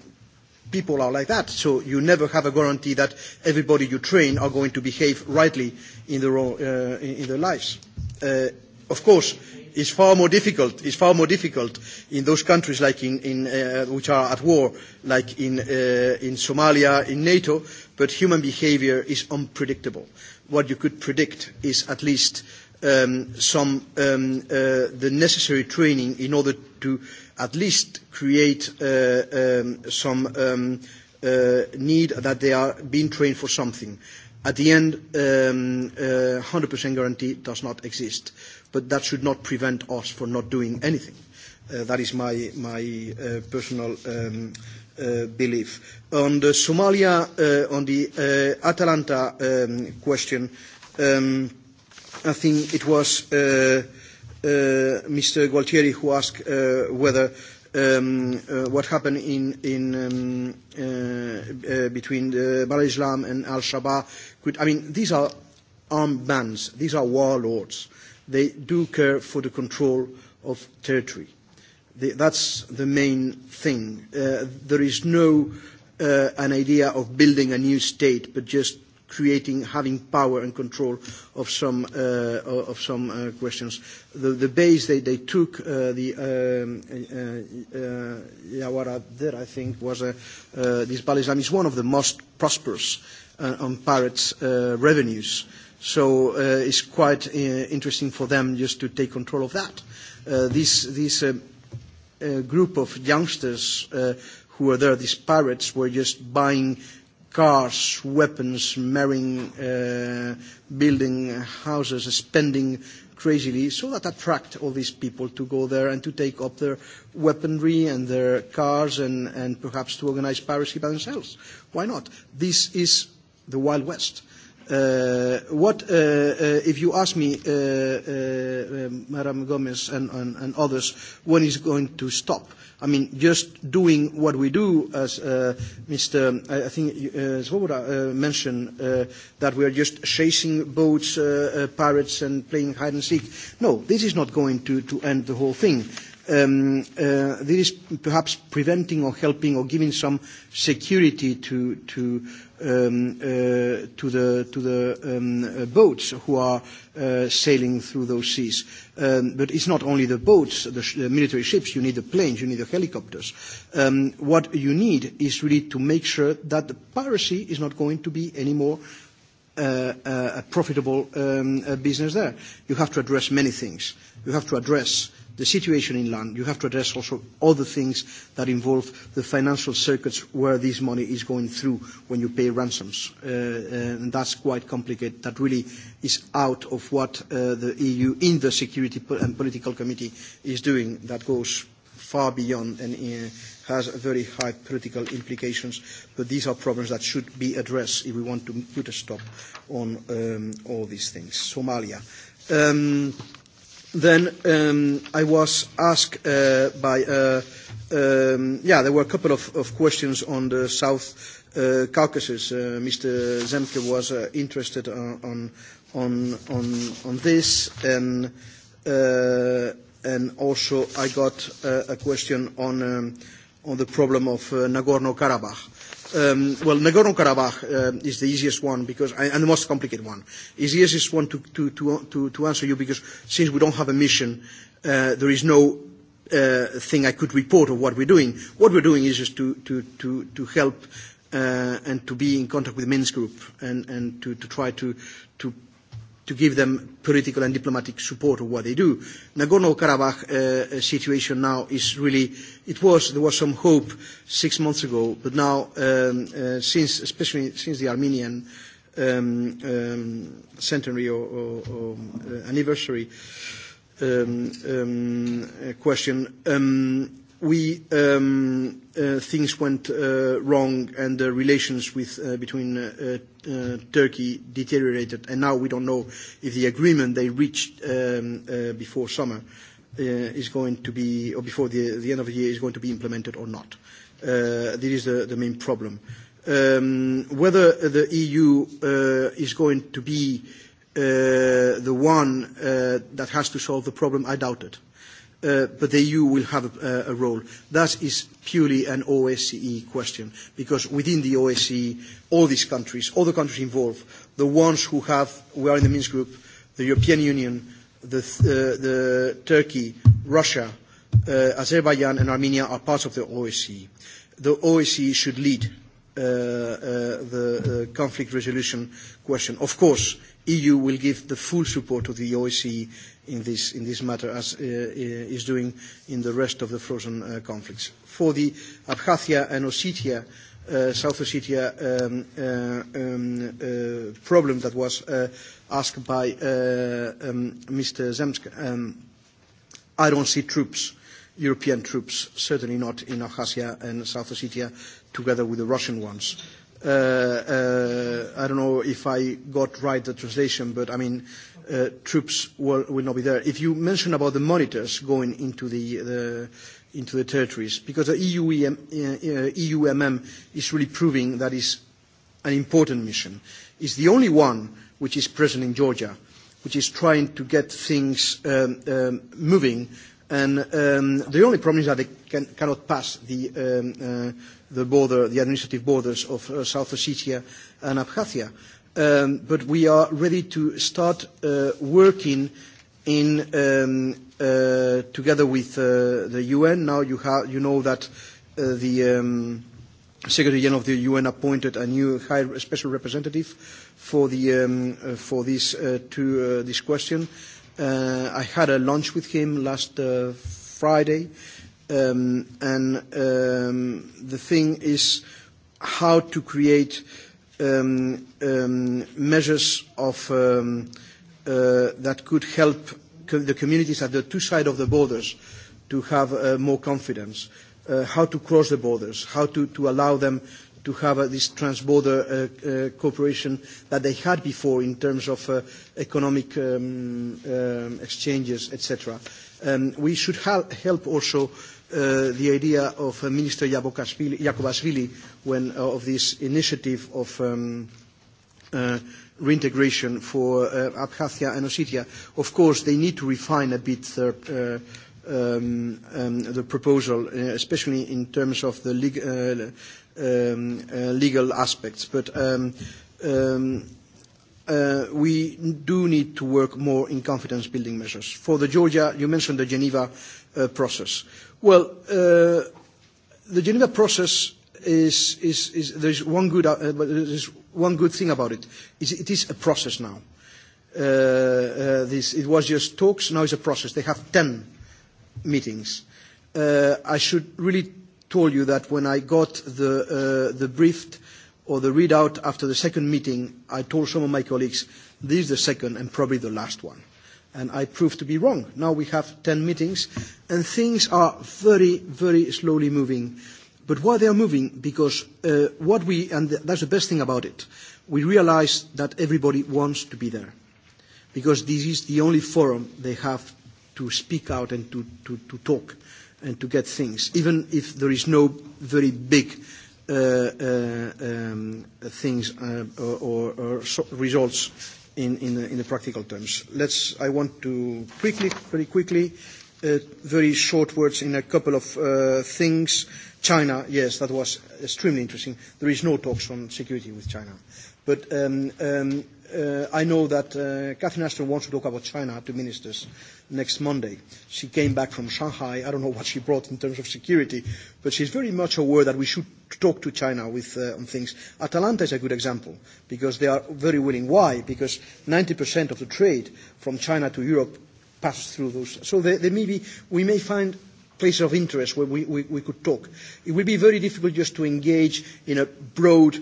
people are like that. So you never have a guarantee that everybody you train are going to behave rightly in their, own, uh, in their lives. Uh, of course, is far more difficult. Is far more difficult in those countries like in, in uh, which are at war, like in uh, in Somalia, in NATO. But human behaviour is unpredictable. What you could predict is at least um, some um, uh, the necessary training in order to at least create uh, um, some um, uh, need that they are being trained for something. Uh, At the end, um, uh, 100% guarantee does not exist, but that should not prevent us from not doing anything. Uh, that is my, my uh, personal um, uh, belief. On the Somalia, uh, on the uh, Atalanta um, question, um, I think it was uh, uh, Mr. Gualtieri who asked uh, whether uh, um, uh, what happened in, in, um, uh, uh, between the uh, Bal Islam and Al Shabaab. Could, I mean, these are armed bands. These are warlords. They do care for the control of territory. The, that's the main thing. Uh, there is no uh, an idea of building a new state, but just creating, having power and control of some, uh, of some uh, questions. The, the base they, they took, uh, the um, uh, uh, Yawara there, I think, was a, uh, uh, this Bal-Islam is one of the most prosperous uh, on pirates' uh, revenues. So uh, it's quite uh, interesting for them just to take control of that. Uh, this this uh, uh, group of youngsters uh, who were there, these pirates, were just buying uh, cars, weapons, marrying, uh, building houses, spending crazily, so that attract all these people to go there and to take up their weaponry and their cars and, and perhaps to organize piracy by themselves. Why not? This is the Wild West. Uh, what, uh, uh, if you ask me, uh, uh, um, Madam Gomez and, and, and others, when is going to stop? I mean, just doing what we do, as uh, Mr. I, I think uh, Svoboda uh, mentioned, uh, that we are just chasing boats, uh, uh, pirates, and playing hide and seek. No, this is not going to, to end the whole thing um, uh, this is perhaps preventing or helping or giving some security to, to, um, uh, to the, to the um, uh, boats who are uh, sailing through those seas. Um, but it's not only the boats, the, sh- the military ships, you need the planes, you need the helicopters. Um, what you need is really to make sure that the piracy is not going to be any more Uh, uh, a profitable um, uh, business there. You have to address many things. You have to address the situation in land. You have to address also other things that involve the financial circuits where this money is going through when you pay ransoms. Uh, uh and that's quite complicated. That really is out of what uh, the EU in the Security and Political Committee is doing. That goes far beyond and uh, has very high political implications. But these are problems that should be addressed if we want to put a stop on um, all these things. Somalia. Um, Then um, I was asked uh, by, uh, um, yeah, there were a couple of, of questions on the South uh, Caucasus. Uh, Mr. Zemke was uh, interested uh, on, on, on, on this, and, uh, and also I got uh, a question on, um, on the problem of uh, Nagorno-Karabakh um, well, Nagorno-Karabakh uh, is the easiest one because, and the most complicated one. It's the easiest one to, to, to, to, to answer you because since we don't have a mission, uh, there is no uh, thing I could report of what we're doing. What we're doing is just to, to, to, to help uh, and to be in contact with the Minsk group and, and to, to try to, to to give them political and diplomatic support of what they do. Nagorno-Karabakh uh, uh, situation now is really, it was, there was some hope six months ago, but now, um, uh, since, especially since the Armenian um, um, centenary or, or, or uh, anniversary um, um, uh, question, um, we um, uh, things went uh, wrong and the relations with, uh, between uh, uh, Turkey deteriorated, and now we don't know if the agreement they reached um, uh, before summer uh, is going to be, or before the, the end of the year, is going to be implemented or not. Uh, this is the, the main problem. Um, whether the EU uh, is going to be uh, the one uh, that has to solve the problem, I doubt it. Uh, uh, but the EU will have a, a role. That is purely an OSCE question, because within the OSCE, all these countries, all the countries involved, the ones who have, we are in the Minsk group, the European Union, the, uh, the Turkey, Russia, uh, Azerbaijan and Armenia are parts of the OSCE. The OSCE should lead uh, uh, the uh, conflict resolution question. Of course, EU will give the full support to the OSCE in this, in this matter, as uh, uh, is doing in the rest of the frozen uh, conflicts. For the Abkhazia and Ossetia, uh, South Ossetia um, uh, um, uh, problem that was uh, asked by uh, um, Mr. Zemsk, um, I don't see troops, European troops, certainly not in Abkhazia and South Ossetia, together with the Russian ones. Uh, uh, uh, I don't know if I got right the translation, but I mean, uh, troops will, will not be there. If you mention about the monitors going into the, the into the territories, because the EU, EM, uh, uh EUMM is really proving that is an important mission. It's the only one which is present in Georgia, which is trying to get things um, um, moving And um, the only problem is that they can, cannot pass the, um, uh, the border, the administrative borders of uh, South Ossetia and Abkhazia. Um, but we are ready to start uh, working in, um, uh, together with uh, the UN. Now you, ha- you know that uh, the um, Secretary General of the UN appointed a new high special representative for, the, um, uh, for this, uh, to, uh, this question. Uh, Uh, I had a lunch with him last uh, Friday, um, and um, the thing is how to create um, um, measures of, um, uh, that could help co- the communities at the two sides of the borders to have uh, more confidence, uh, how to cross the borders, how to, to allow them to have uh, this transborder uh, uh, cooperation that they had before in terms of uh, economic um, um, exchanges, etc. Um, we should help, help also uh, the idea of uh, Minister Yakovashvili when, uh, of this initiative of um, uh, reintegration for uh, Abkhazia and Ossetia. Of course, they need to refine a bit their uh, um, um, the proposal, uh, especially in terms of the leg- uh, um, uh, legal aspects. But um, um, uh, we do need to work more in confidence building measures. For the Georgia, you mentioned the Geneva uh, process. Well, uh, the Geneva process is, is, is there's one good, uh, but there's one good thing about it. Is it is a process now. Uh, uh, this, it was just talks, now it's a process. They have 10 meetings. Uh, I should really told you that when I got the, uh, the brief or the readout after the second meeting, I told some of my colleagues, this is the second and probably the last one. And I proved to be wrong. Now we have 10 meetings, and things are very, very slowly moving. But why they are moving? Because uh, what we, and that's the best thing about it, we realize that everybody wants to be there. Because this is the only forum they have to speak out and to, to, to talk. Uh, and to get things, even if there is no very big uh, uh, um, things uh, or, or so results in, in, the, in the practical terms. Let's, I want to quickly, very quickly, uh, very short words in a couple of uh, things. China, yes, that was extremely interesting. There is no talks on security with China. But um, um, uh, I know that uh, Catherine Ashton wants to talk about China to ministers next Monday. She came back from Shanghai. I don't know what she brought in terms of security, but she's very much aware that we should talk to China with, uh, on things. Atalanta is a good example because they are very willing. Why? Because 90% of the trade from China to Europe passes through those. So they, they may be, we may find places of interest where we, we, we could talk. It would be very difficult just to engage in a broad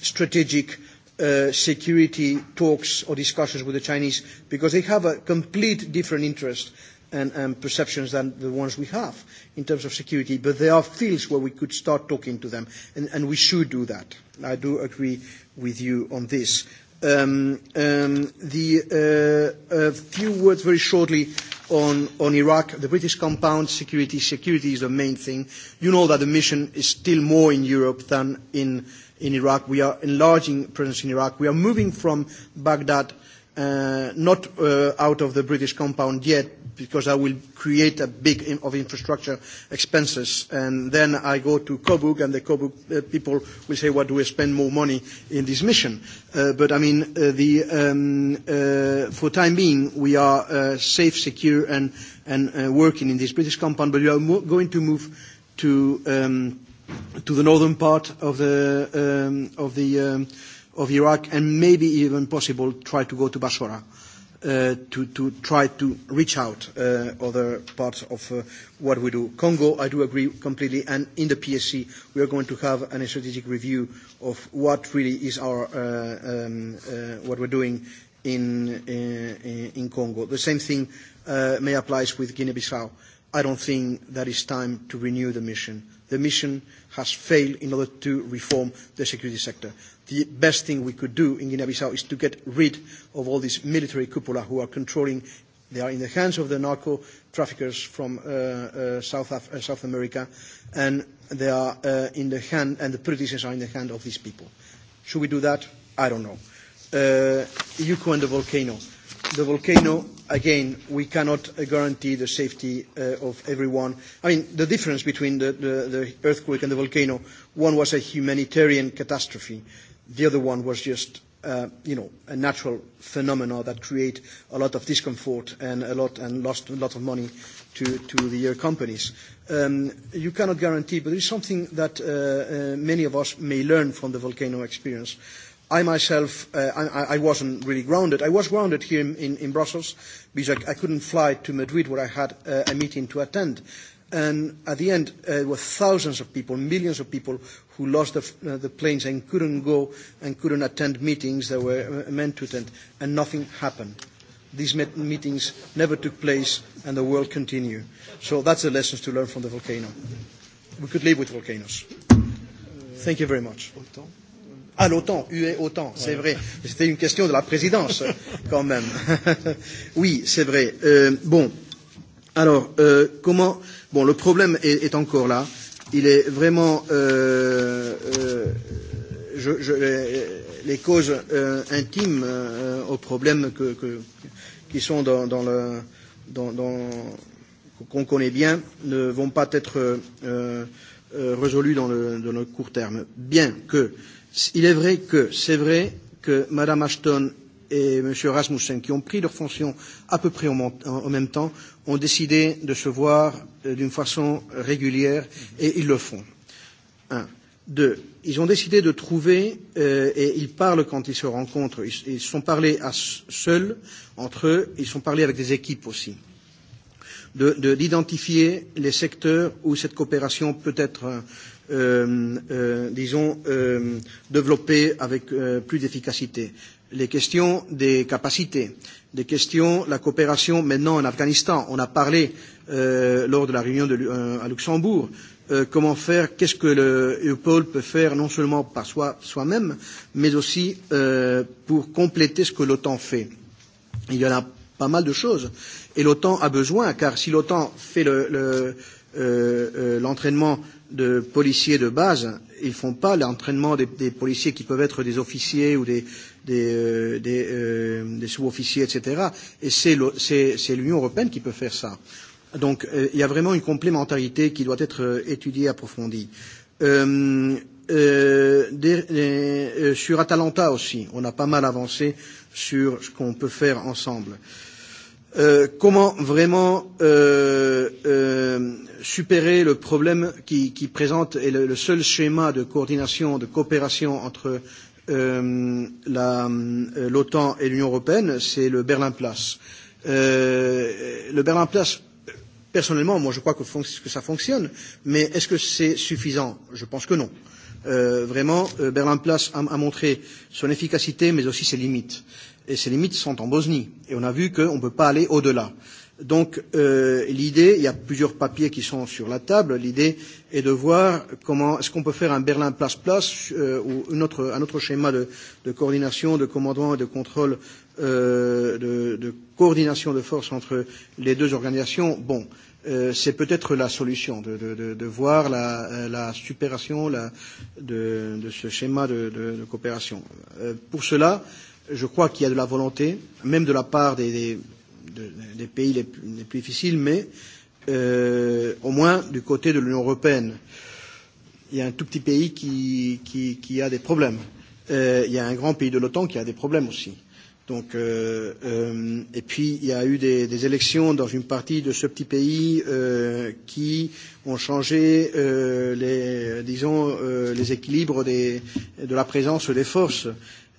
strategic uh, uh, security talks or discussions with the Chinese because they have a complete different interest and, and perceptions than the ones we have in terms of security. But there are fields where we could start talking to them, and, and we should do that. I do agree with you on this. Um, um, the, uh, a few words very shortly on, on Iraq. The British compound security, security is the main thing. You know that the mission is still more in Europe than in uh, in Iraq. We are enlarging presence in Iraq. We are moving from Baghdad, uh, not uh, out of the British compound yet, because that will create a big in, of infrastructure expenses. And then I go to Kobuk, and the Kobuk uh, people will say, "What well, do we spend more money in this mission?" Uh, but I mean, uh, the, um, uh, for time being, we are uh, safe, secure, and, and uh, working in this British compound. But we are mo- going to move to. Um, to the northern part of the um, of the um, of Iraq, and maybe even possible try to go to Basora. Uh, Uh, to, to try to reach out uh, other parts of uh, what we do. Congo, I do agree completely, and in the PSC, we are going to have a strategic review of what really is our uh, um, uh, what we're doing in, uh, in Congo. The same thing may applies with Guinea-Bissau. I don't think that it's time to renew the mission the mission has failed in order to reform the security sector. The best thing we could do in Guinea-Bissau is to get rid of all these military cupola who are controlling, they are in the hands of the narco traffickers from uh, uh, South, Af- uh, South America, and they are uh, in the hand, and the politicians are in the hand of these people. Should we do that? I don't know. Uh, Yuko and the volcano. The volcano again, we cannot uh, guarantee the safety uh, of everyone. I mean, the difference between the, the, the earthquake and the volcano, one was a humanitarian catastrophe. The other one was just, uh, you know, a natural phenomena that create a lot of discomfort and a lot and lost a lot of money to, to the uh, companies. Um, you cannot guarantee, but there is something that uh, uh, many of us may learn from the volcano experience. Uh, I myself, uh, I, I wasn't really grounded. I was grounded here in, in, in Brussels because I, I couldn't fly to Madrid where I had uh, a meeting to attend. And at the end, uh, there were thousands of people, millions of people who lost the, uh, the planes and couldn't go and couldn't attend meetings that were uh, meant to attend, and nothing happened. These met- meetings never took place, and the world continued. So that's the lessons to learn from the volcano. We could live with volcanoes. Thank you very much. Autant à ah, l'OTAN, UE OTAN, c'est ouais. vrai. C'était une question de la présidence, quand même. oui, c'est vrai. Euh, bon, alors, euh, comment. Bon, le problème est, est encore là. Il est vraiment. Euh, euh, je, je, les causes euh, intimes euh, aux problèmes que, que, qui sont dans, dans le. Dans, dans, qu'on connaît bien ne vont pas être euh, euh, résolues dans le, dans le court terme. Bien que euh, Il est vrai que, c'est vrai que Mme Ashton et M. Rasmussen, qui ont pris leurs fonctions à peu près en, en même temps, ont décidé de se voir euh, d'une façon régulière et ils le font. Un. Deux. Ils ont décidé de trouver, euh, et ils parlent quand ils se rencontrent, ils, ils sont parlés à, seuls, entre eux, ils sont parlés avec des équipes aussi, d'identifier de, de, les secteurs où cette coopération peut être euh, euh, euh, disons, euh, développées avec euh, plus d'efficacité. Les questions des capacités, des questions, la coopération maintenant en Afghanistan. On a parlé euh, lors de la réunion de, euh, à Luxembourg euh, comment faire, qu'est-ce que l'EUPOL peut faire non seulement par soi-même, soi, soi mais aussi euh, pour compléter ce que l'OTAN fait. Il y en a pas mal de choses. Et l'OTAN a besoin, car si l'OTAN fait l'entraînement le, le, euh, euh, de policiers de base, ils font pas l'entraînement des, des policiers qui peuvent être des officiers ou des, des, euh, des, euh, des sous-officiers, etc. Et c'est l'Union européenne qui peut faire ça. Donc euh, il y a vraiment une complémentarité qui doit être euh, étudiée, approfondie. Euh, euh, des, des, euh, sur Atalanta aussi, on a pas mal avancé sur ce qu'on peut faire ensemble. Euh, Euh, comment vraiment euh, euh, supérer le problème qui, qui présente est le, le seul schéma de coordination, de coopération entre euh, euh l'OTAN euh, et l'Union européenne, c'est le Berlin Place. Euh, le Berlin Place, personnellement, moi je crois que, que ça fonctionne, mais est-ce que c'est suffisant Je pense que non. Euh, vraiment, euh, Berlin Place a, a montré son efficacité, mais aussi ses limites. Euh, et ses limites sont en Bosnie. Et on a vu qu'on ne peut pas aller au-delà. Donc euh, l'idée, il y a plusieurs papiers qui sont sur la table, l'idée est de voir comment est-ce qu'on peut faire un Berlin place-place euh, ou une autre, un autre schéma de, de coordination, de commandement et de contrôle, euh, de, de coordination de forces entre les deux organisations. Bon, euh, c'est peut-être la solution de, de, de, de voir la, euh, la supération la, de, de ce schéma de, de, de coopération. Euh, pour cela, euh, je crois qu'il y a de la volonté, même de la part des, des, des pays les plus, les plus difficiles, mais euh, au moins du côté de l'Union européenne. Il y a un tout petit pays qui, qui, qui a des problèmes. Euh, il y a un grand pays de l'OTAN qui a des problèmes aussi. Donc, euh, euh, et puis, il y a eu des, des élections dans une partie de ce petit pays euh, qui ont changé, euh, les, disons, euh, les équilibres des, de la présence des forces.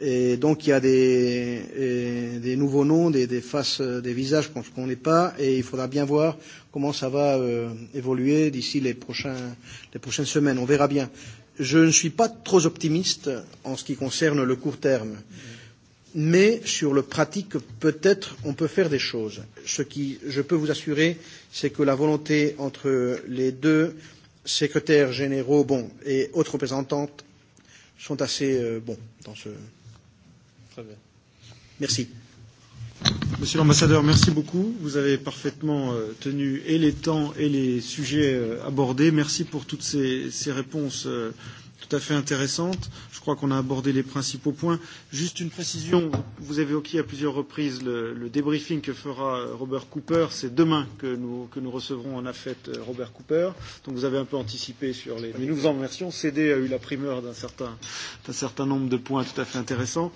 Et donc il y a des, euh, des nouveaux noms, des, des faces, euh, des visages qu'on ne connaît pas, et il faudra bien voir comment ça va euh, évoluer d'ici les, prochains, les prochaines semaines. On verra bien. Je ne suis pas trop optimiste en ce qui concerne le court terme, mais sur le pratique, peut-être on peut faire des choses. Ce qui, je peux vous assurer, c'est que la volonté entre les deux secrétaires généraux bon, et autres représentantes sont assez euh, bons dans ce Très bien. Merci. Monsieur l'ambassadeur, merci beaucoup. Vous avez parfaitement euh, tenu et les temps et les sujets euh, abordés. Merci pour toutes ces, ces réponses euh, tout à fait intéressantes. Je crois qu'on a abordé les principaux points. Juste une précision, vous avez évoqué à plusieurs reprises le, le débriefing que fera euh, Robert Cooper. C'est demain que nous, que nous recevrons en affaite euh, Robert Cooper. Donc vous avez un peu anticipé sur les... Mais nous vous en remercions. CD a eu la primeur d'un certain, certain nombre de points tout à fait intéressants.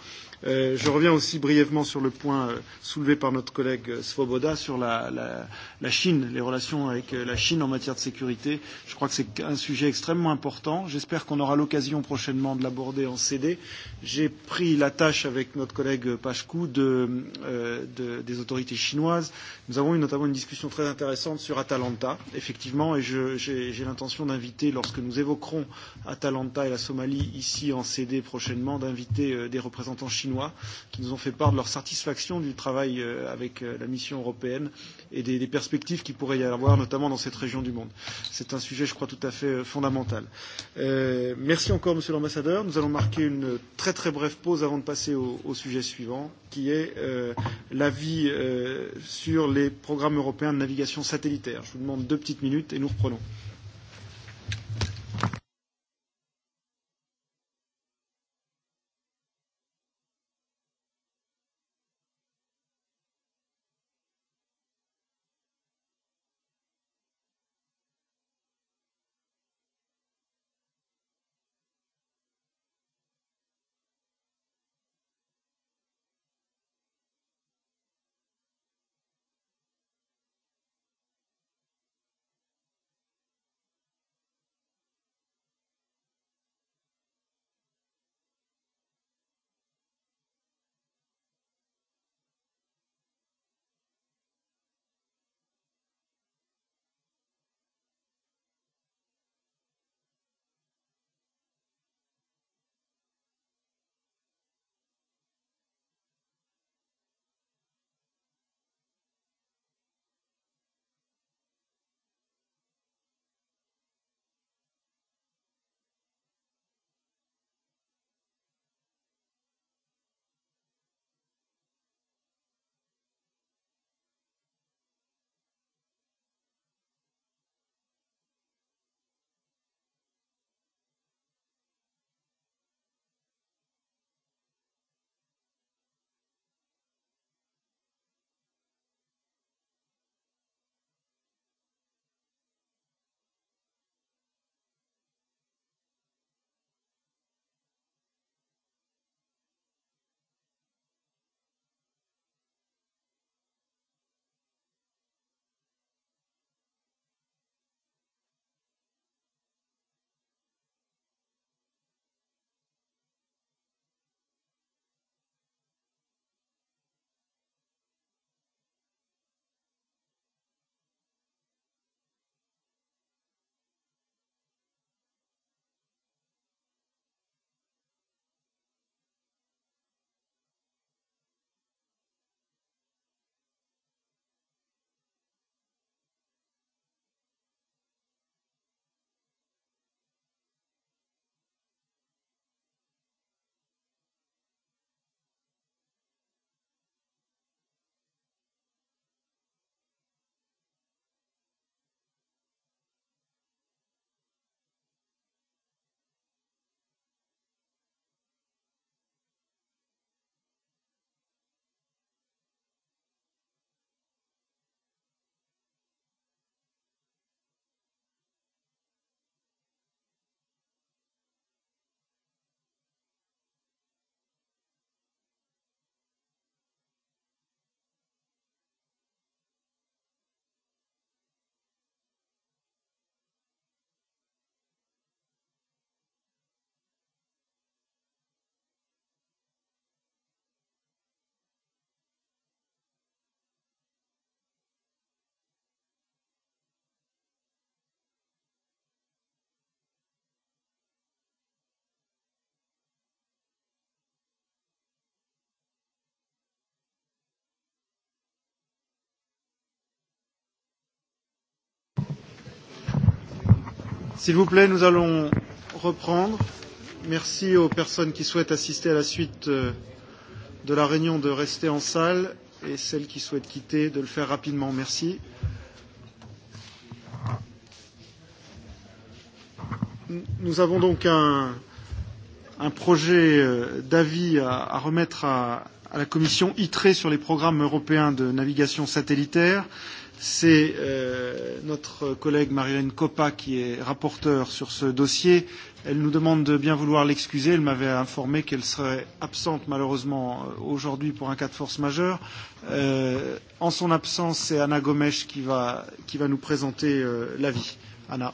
Euh, je reviens aussi brièvement sur le point euh, soulevé par notre collègue euh, Svoboda sur la, la, la Chine, les relations avec euh, la Chine en matière de sécurité. Je crois que c'est un sujet extrêmement important. J'espère qu'on aura l'occasion prochainement de l'aborder en CD. J'ai pris la tâche avec notre collègue euh, Pachkou de, euh, de, des autorités chinoises. Nous avons eu notamment une discussion très intéressante sur Atalanta, effectivement, et j'ai l'intention d'inviter, lorsque nous évoquerons Atalanta et la Somalie ici en CD prochainement, d'inviter euh, des représentants chinois chinois qui nous ont fait part de leur satisfaction du travail euh, avec euh, la mission européenne et des, des perspectives qu'il pourrait y avoir, notamment dans cette région du monde. C'est un sujet, je crois, tout à fait euh, fondamental. Euh, merci encore, Monsieur l'Ambassadeur. Nous allons marquer une très très brève pause avant de passer au, au sujet suivant, qui est euh, l'avis euh, sur les programmes européens de navigation satellitaire. Je vous demande deux petites minutes et nous reprenons. S'il vous plaît, nous allons reprendre. Merci aux personnes qui souhaitent assister à la suite euh, de la réunion de rester en salle et celles qui souhaitent quitter de le faire rapidement. Merci. Nous avons donc un, un projet euh, d'avis à, à remettre à, à la commission ITRE sur les programmes européens de navigation satellitaire C'est euh, notre collègue Marilène Coppa qui est rapporteure sur ce dossier. Elle nous demande de bien vouloir l'excuser. Elle m'avait informé qu'elle serait absente malheureusement euh, aujourd'hui pour un cas de force majeure. Euh, en son absence, c'est Anna Gomesch qui va, qui va nous présenter euh, l'avis. Anna.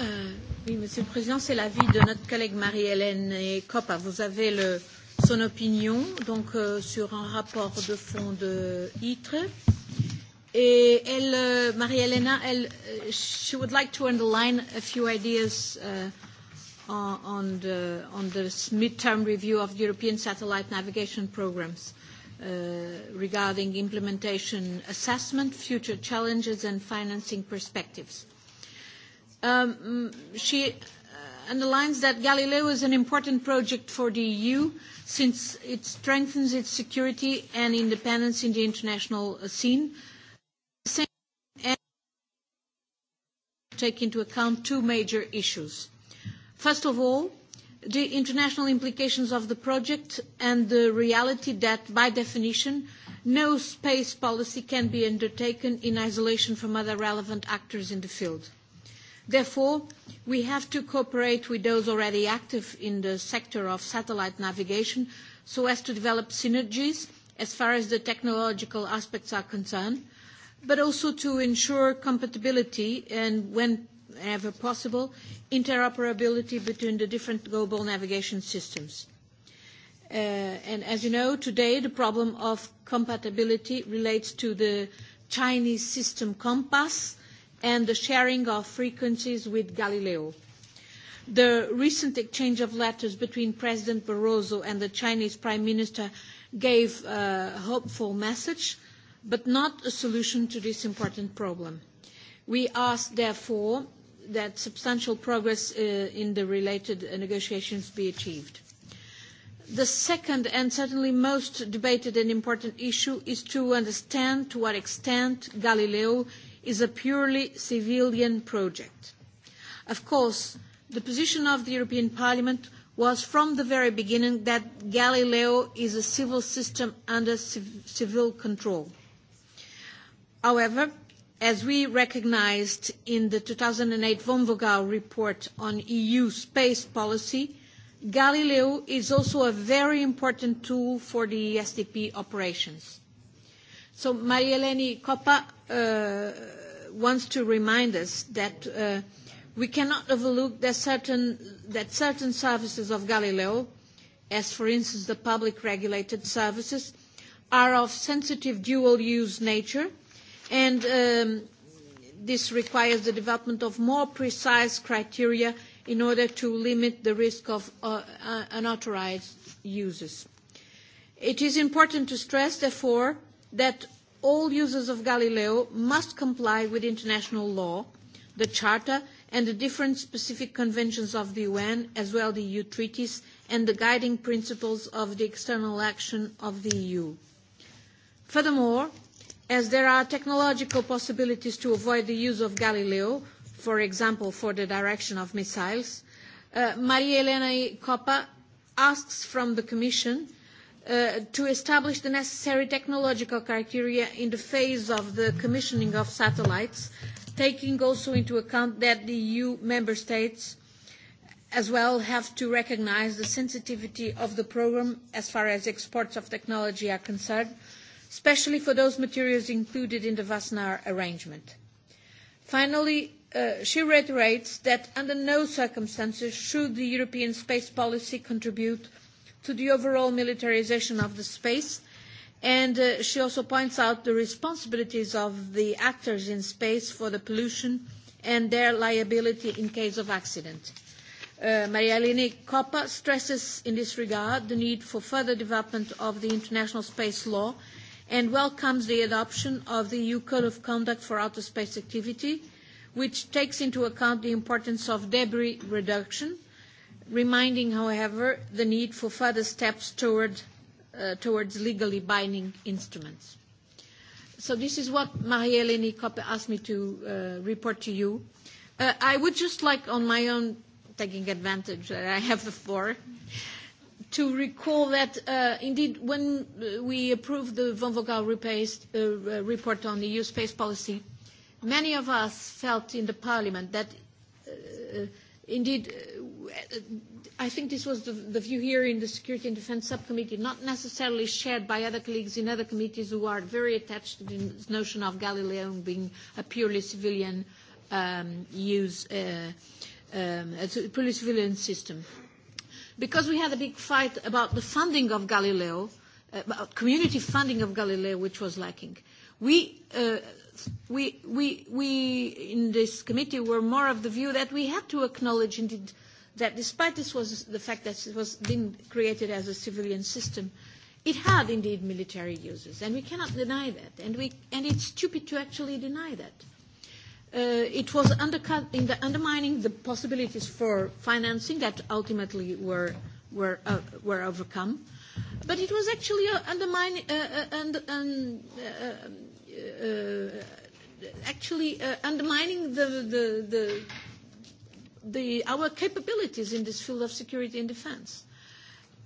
Euh, oui, Monsieur le Président, c'est l'avis de notre collègue Marie-Hélène Coppa. Vous avez le, son opinion donc, euh, sur un rapport de fond de ITRE. Euh, Eh, el, uh, eh, Maria Elena, El, uh, she would like to underline a few ideas uh, on the on this midterm review of European satellite navigation programs uh, regarding implementation assessment, future challenges, and financing perspectives. Um, she uh, underlines that Galileo is an important project for the EU since it strengthens its security and independence in the international uh, scene, uh, take into account two major issues. First of all, the international implications of the project and the reality that, by definition, no space policy can be undertaken in isolation from other relevant actors in the field. Therefore, we have to cooperate with those already active in the sector of satellite navigation so as to develop synergies as far as the technological aspects are concerned, but also to ensure compatibility and, whenever possible, interoperability between the different global navigation systems. Uh, and as you know, today the problem of compatibility relates to the Chinese system COMPASS and the sharing of frequencies with Galileo. The recent exchange of letters between President Barroso and the Chinese Prime Minister gave a hopeful message but not a solution to this important problem. We ask, therefore, that substantial progress uh, in the related uh, negotiations be achieved. The second and certainly most debated and important issue is to understand to what extent Galileo is a purely civilian project. Of course, the position of the European Parliament was from the very beginning that Galileo is a civil system under civ civil control. However, as we recognized in the 2008 von Vogel report on EU space policy, Galileo is also a very important tool for the SDP operations. So Maria-Eleni Coppa uh, wants to remind us that uh, we cannot overlook that certain, that certain services of Galileo, as for instance the public regulated services, are of sensitive dual-use nature – and um, this requires the development of more precise criteria in order to limit the risk of uh, uh unauthorized uses. It is important to stress, therefore, that all users of Galileo must comply with international law, the Charter, and the different specific conventions of the UN, as well as the EU treaties, and the guiding principles of the external action of the EU. Furthermore, as there are technological possibilities to avoid the use of Galileo, for example, for the direction of missiles, uh, Maria Elena Coppa asks from the Commission uh, to establish the necessary technological criteria in the phase of the commissioning of satellites, taking also into account that the EU member states as well have to recognize the sensitivity of the program as far as exports of technology are concerned, especially for those materials included in the Wassenaar arrangement. Finally, uh, she reiterates that under no circumstances should the European space policy contribute to the overall militarization of the space, and uh, she also points out the responsibilities of the actors in space for the pollution and their liability in case of accident. Uh, Marielene Coppa stresses in this regard the need for further development of the international space law and welcomes the adoption of the EU Code of Conduct for Outer Space Activity, which takes into account the importance of debris reduction, reminding, however, the need for further steps toward, uh, towards legally binding instruments. So this is what Marie-Hélène Koppe asked me to uh, report to you. Uh, I would just like, on my own, taking advantage that I have the floor, uh, to recall that, uh, indeed, when uh, we approved the Von Vogel repast, uh, uh, report on the EU space policy, many of us felt in the Parliament that, uh, uh, indeed, uh, I think this was the, the view here in the Security and Defense Subcommittee, not necessarily shared by other colleagues in other committees who are very attached to the notion of Galileo being a purely civilian um, use, uh, um, a purely civilian system. Uh, because we had a big fight about the funding of Galileo, uh, about community funding of Galileo, which was lacking. We, uh, we, we, we in this committee were more of the view that we had to acknowledge indeed that despite this was the fact that it was being created as a civilian system, it had indeed military uses, and we cannot deny that, and, we, and it's stupid to actually deny that uh, it was undercut in the undermining the possibilities for financing that ultimately were were uh, were overcome, but it was actually uh, undermining uh, uh, and, and uh, uh, actually uh, undermining the the, the the our capabilities in this field of security and defense.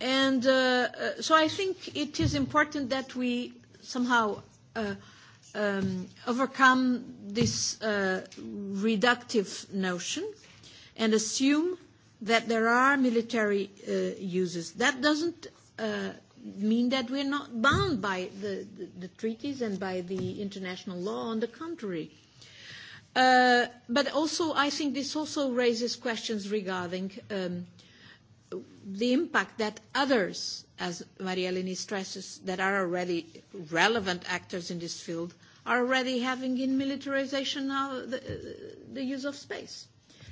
And uh, uh, so I think it is important that we somehow uh, um, overcome this uh, reductive notion and assume that there are military uh, uses. That doesn't uh, mean that we're not bound by the, the, the treaties and by the international law. On the contrary. Uh, but also, I think this also raises questions regarding um, the impact that others as Maria Eleni stresses, that are already relevant actors in this field are already having in militarization now the, uh, the use of space.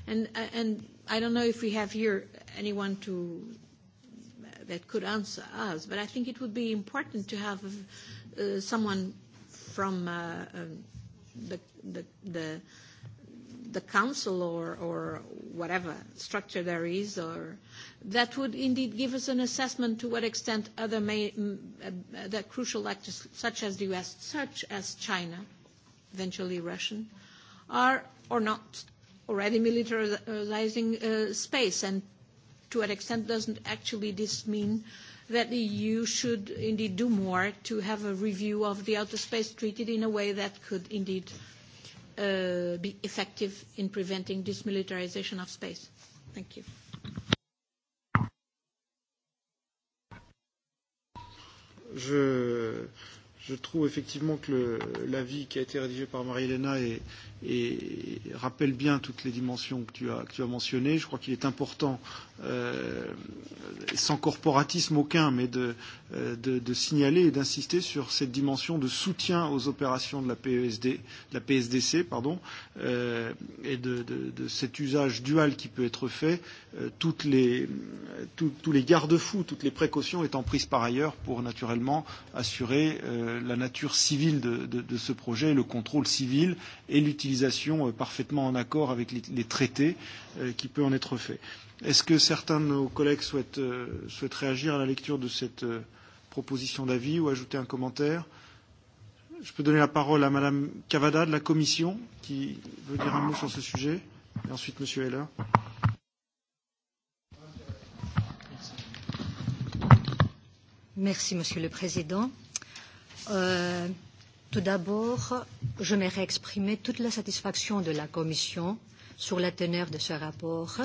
And, uh, and I don't know if we have here anyone to, that could answer us, but I think it would be important to have uh, someone from uh, um, the, the, the the council or, or whatever structure there is, or that would indeed give us an assessment to what extent other may, uh, the crucial actors such as the US, such as China, eventually Russian, are or not already militarizing uh, space, and to what extent doesn't actually this mean that the EU should indeed do more to have a review of the outer space treaty in a way that could indeed uh, uh, be effective in preventing dismilitarization of space? Thank you. Je, je trouve effectivement que l'avis qui a été rédigé par Marie-Hélène est, et rappelle bien toutes les dimensions que tu as, que tu as mentionnées. Je crois qu'il est important, euh, sans corporatisme aucun, mais de, euh, de, de signaler et d'insister sur cette dimension de soutien aux opérations de la, PESD, de la PSDC pardon, euh, et de, de, de cet usage dual qui peut être fait, euh, toutes les, tout, tous les garde-fous, toutes les précautions étant prises par ailleurs pour naturellement assurer euh, la nature civile de, de, de ce projet, le contrôle civil et l'utilisation utilisation euh, parfaitement en accord avec les, les traités euh, qui peut en être fait. Est-ce que certains de nos collègues souhaitent, euh, souhaitent réagir à la lecture de cette proposition d'avis ou ajouter un commentaire Je peux donner la parole à Madame Cavada de la Commission qui veut dire un mot sur ce sujet et ensuite Monsieur Heller. Merci Monsieur le Président. Euh, Tout d'abord, j'aimerais exprimer toute la satisfaction de la Commission sur la teneur de ce rapport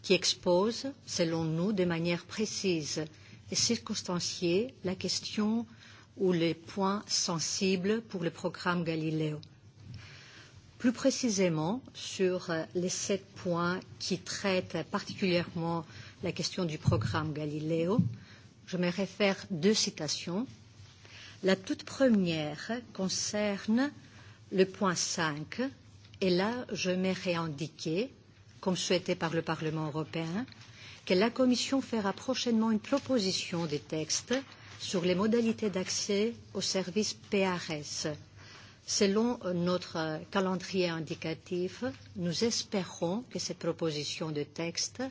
qui expose, selon nous, de manière précise et circonstanciée la question ou les points sensibles pour le programme Galileo. Plus précisément, sur les sept points qui traitent particulièrement la question du programme Galileo, je me réfère deux citations La toute première concerne le point 5, et là je m'ai réindiqué, comme souhaité par le Parlement européen, que la Commission fera prochainement une proposition des textes sur les modalités d'accès aux services PRS. Selon notre calendrier indicatif, nous espérons que cette proposition de texte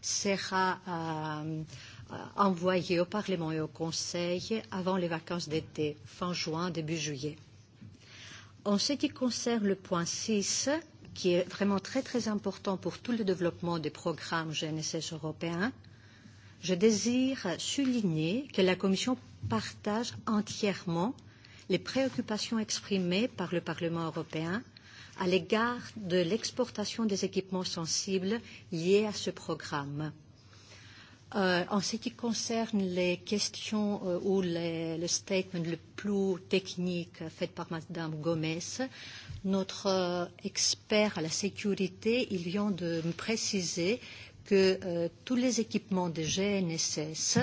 sera euh, envoyé au Parlement et au Conseil avant les vacances d'été, fin juin, début juillet. En ce qui concerne le point 6, qui est vraiment très très important pour tout le développement des programmes GNSS européens, je désire souligner que la Commission partage entièrement les préoccupations exprimées par le Parlement européen à l'égard de l'exportation des équipements sensibles liés à ce programme. Euh, Euh, en ce qui concerne les questions euh, ou les, le statement le plus technique fait par Madame Gomez, notre euh, expert à la sécurité, il vient de me préciser que euh, tous les équipements de GNSS,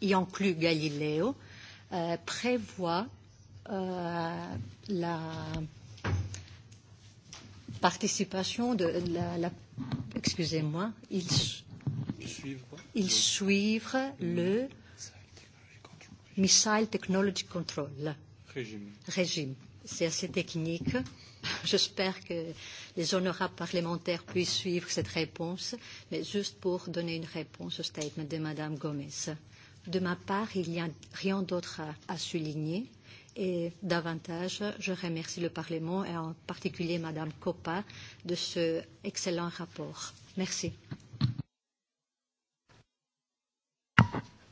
y inclus Galileo, euh, prévoient euh, la participation de la, la excusez-moi, ils ils suivent le Missile Technology Control régime. régime. C'est assez technique. J'espère que les honorables parlementaires puissent suivre cette réponse, mais juste pour donner une réponse au statement de Madame Gomez. De ma part, il n'y a rien d'autre à, à souligner. Et davantage, je remercie le Parlement et en particulier Madame Coppa de ce excellent rapport. Merci.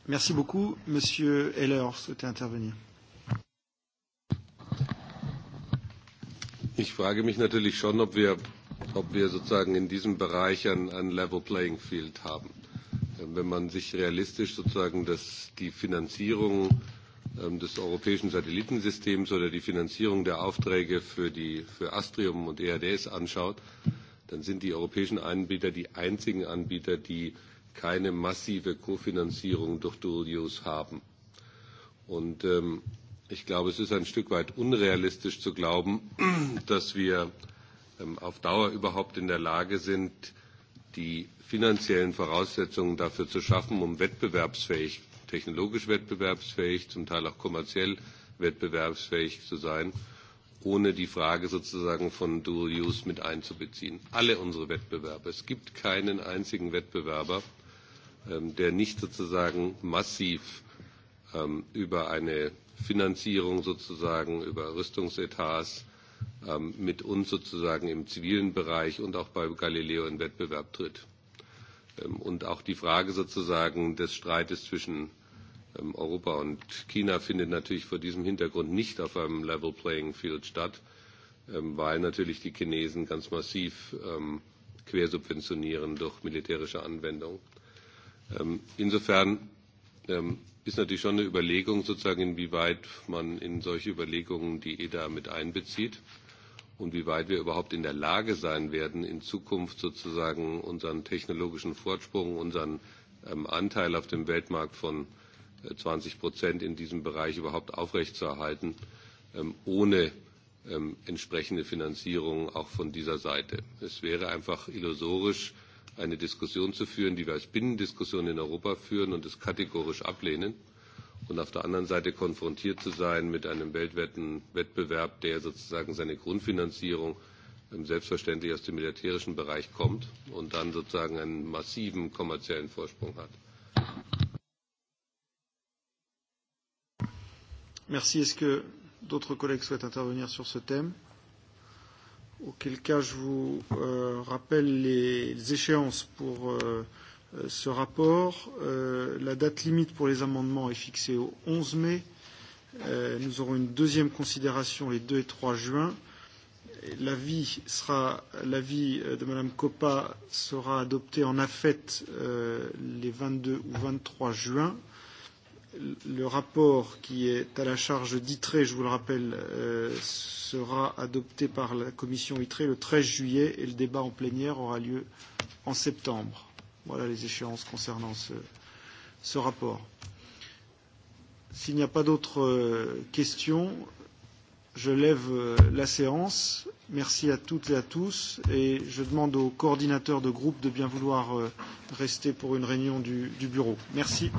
Merci beaucoup. Monsieur Heller souhaitait intervenir. Ich frage mich natürlich schon, ob wir, ob wir sozusagen in diesem Bereich ein, ein Level Playing Field haben. Ähm, wenn man sich realistisch sozusagen das, die Finanzierung ähm, des europäischen Satellitensystems oder die Finanzierung der Aufträge für, die, für Astrium und ERDS anschaut, dann sind die europäischen Anbieter die einzigen Anbieter, die äh, keine massive Kofinanzierung durch Dual Use haben. Und ähm, ich glaube, es ist ein Stück weit unrealistisch zu glauben, dass wir ähm, auf Dauer überhaupt in der Lage sind, die finanziellen Voraussetzungen dafür zu schaffen, um wettbewerbsfähig, technologisch wettbewerbsfähig, zum Teil auch kommerziell wettbewerbsfähig zu sein, ohne die Frage sozusagen von Dual Use mit einzubeziehen. Alle unsere Wettbewerber. Es gibt keinen einzigen Wettbewerber, Ähm, der nicht sozusagen massiv ähm, über eine Finanzierung sozusagen, über Rüstungsetats ähm, mit uns sozusagen im zivilen Bereich und auch bei Galileo in Wettbewerb tritt. Ähm, und auch die Frage sozusagen des Streites zwischen ähm, Europa und China findet natürlich vor diesem Hintergrund nicht auf einem Level Playing Field statt, ähm, weil natürlich die Chinesen ganz massiv ähm, quersubventionieren durch militärische Anwendung. Ähm, insofern ähm, ist natürlich schon eine Überlegung, sozusagen, inwieweit man in solche Überlegungen die EDA mit einbezieht und wie weit wir überhaupt in der Lage sein werden, in Zukunft sozusagen unseren technologischen Vorsprung, unseren ähm, Anteil auf dem Weltmarkt von äh, 20 Prozent in diesem Bereich überhaupt aufrechtzuerhalten, ähm, ohne ähm, entsprechende Finanzierung auch von dieser Seite. Es wäre einfach illusorisch, äh, eine Diskussion zu führen, die wir als Binnendiskussion in Europa führen und es kategorisch ablehnen und auf der anderen Seite konfrontiert zu sein mit einem weltweiten Wettbewerb, der sozusagen seine Grundfinanzierung ähm, selbstverständlich aus dem militärischen Bereich kommt und dann sozusagen einen massiven kommerziellen Vorsprung hat. Merci. Est-ce que d'autres collègues souhaitent intervenir sur ce thème auquel cas je vous euh, rappelle les, les échéances pour euh, euh, ce rapport. Euh, la date limite pour les amendements est fixée au 11 mai. Euh, nous aurons une deuxième considération les 2 et 3 juin. L'avis sera l'avis euh, de Madame Coppa sera adopté en AFET euh, les 22 ou 23 juin. Euh, le rapport qui est à la charge d'ITRE, je vous le rappelle, euh, sera adopté par la commission ITRE le 13 juillet et le débat en plénière aura lieu en septembre. Voilà les échéances concernant ce, ce rapport. S'il n'y a pas d'autres euh, questions, je lève euh, la séance. Merci à toutes et à tous et je demande aux coordinateurs de groupe de bien vouloir euh, rester pour une réunion du, du bureau. Merci.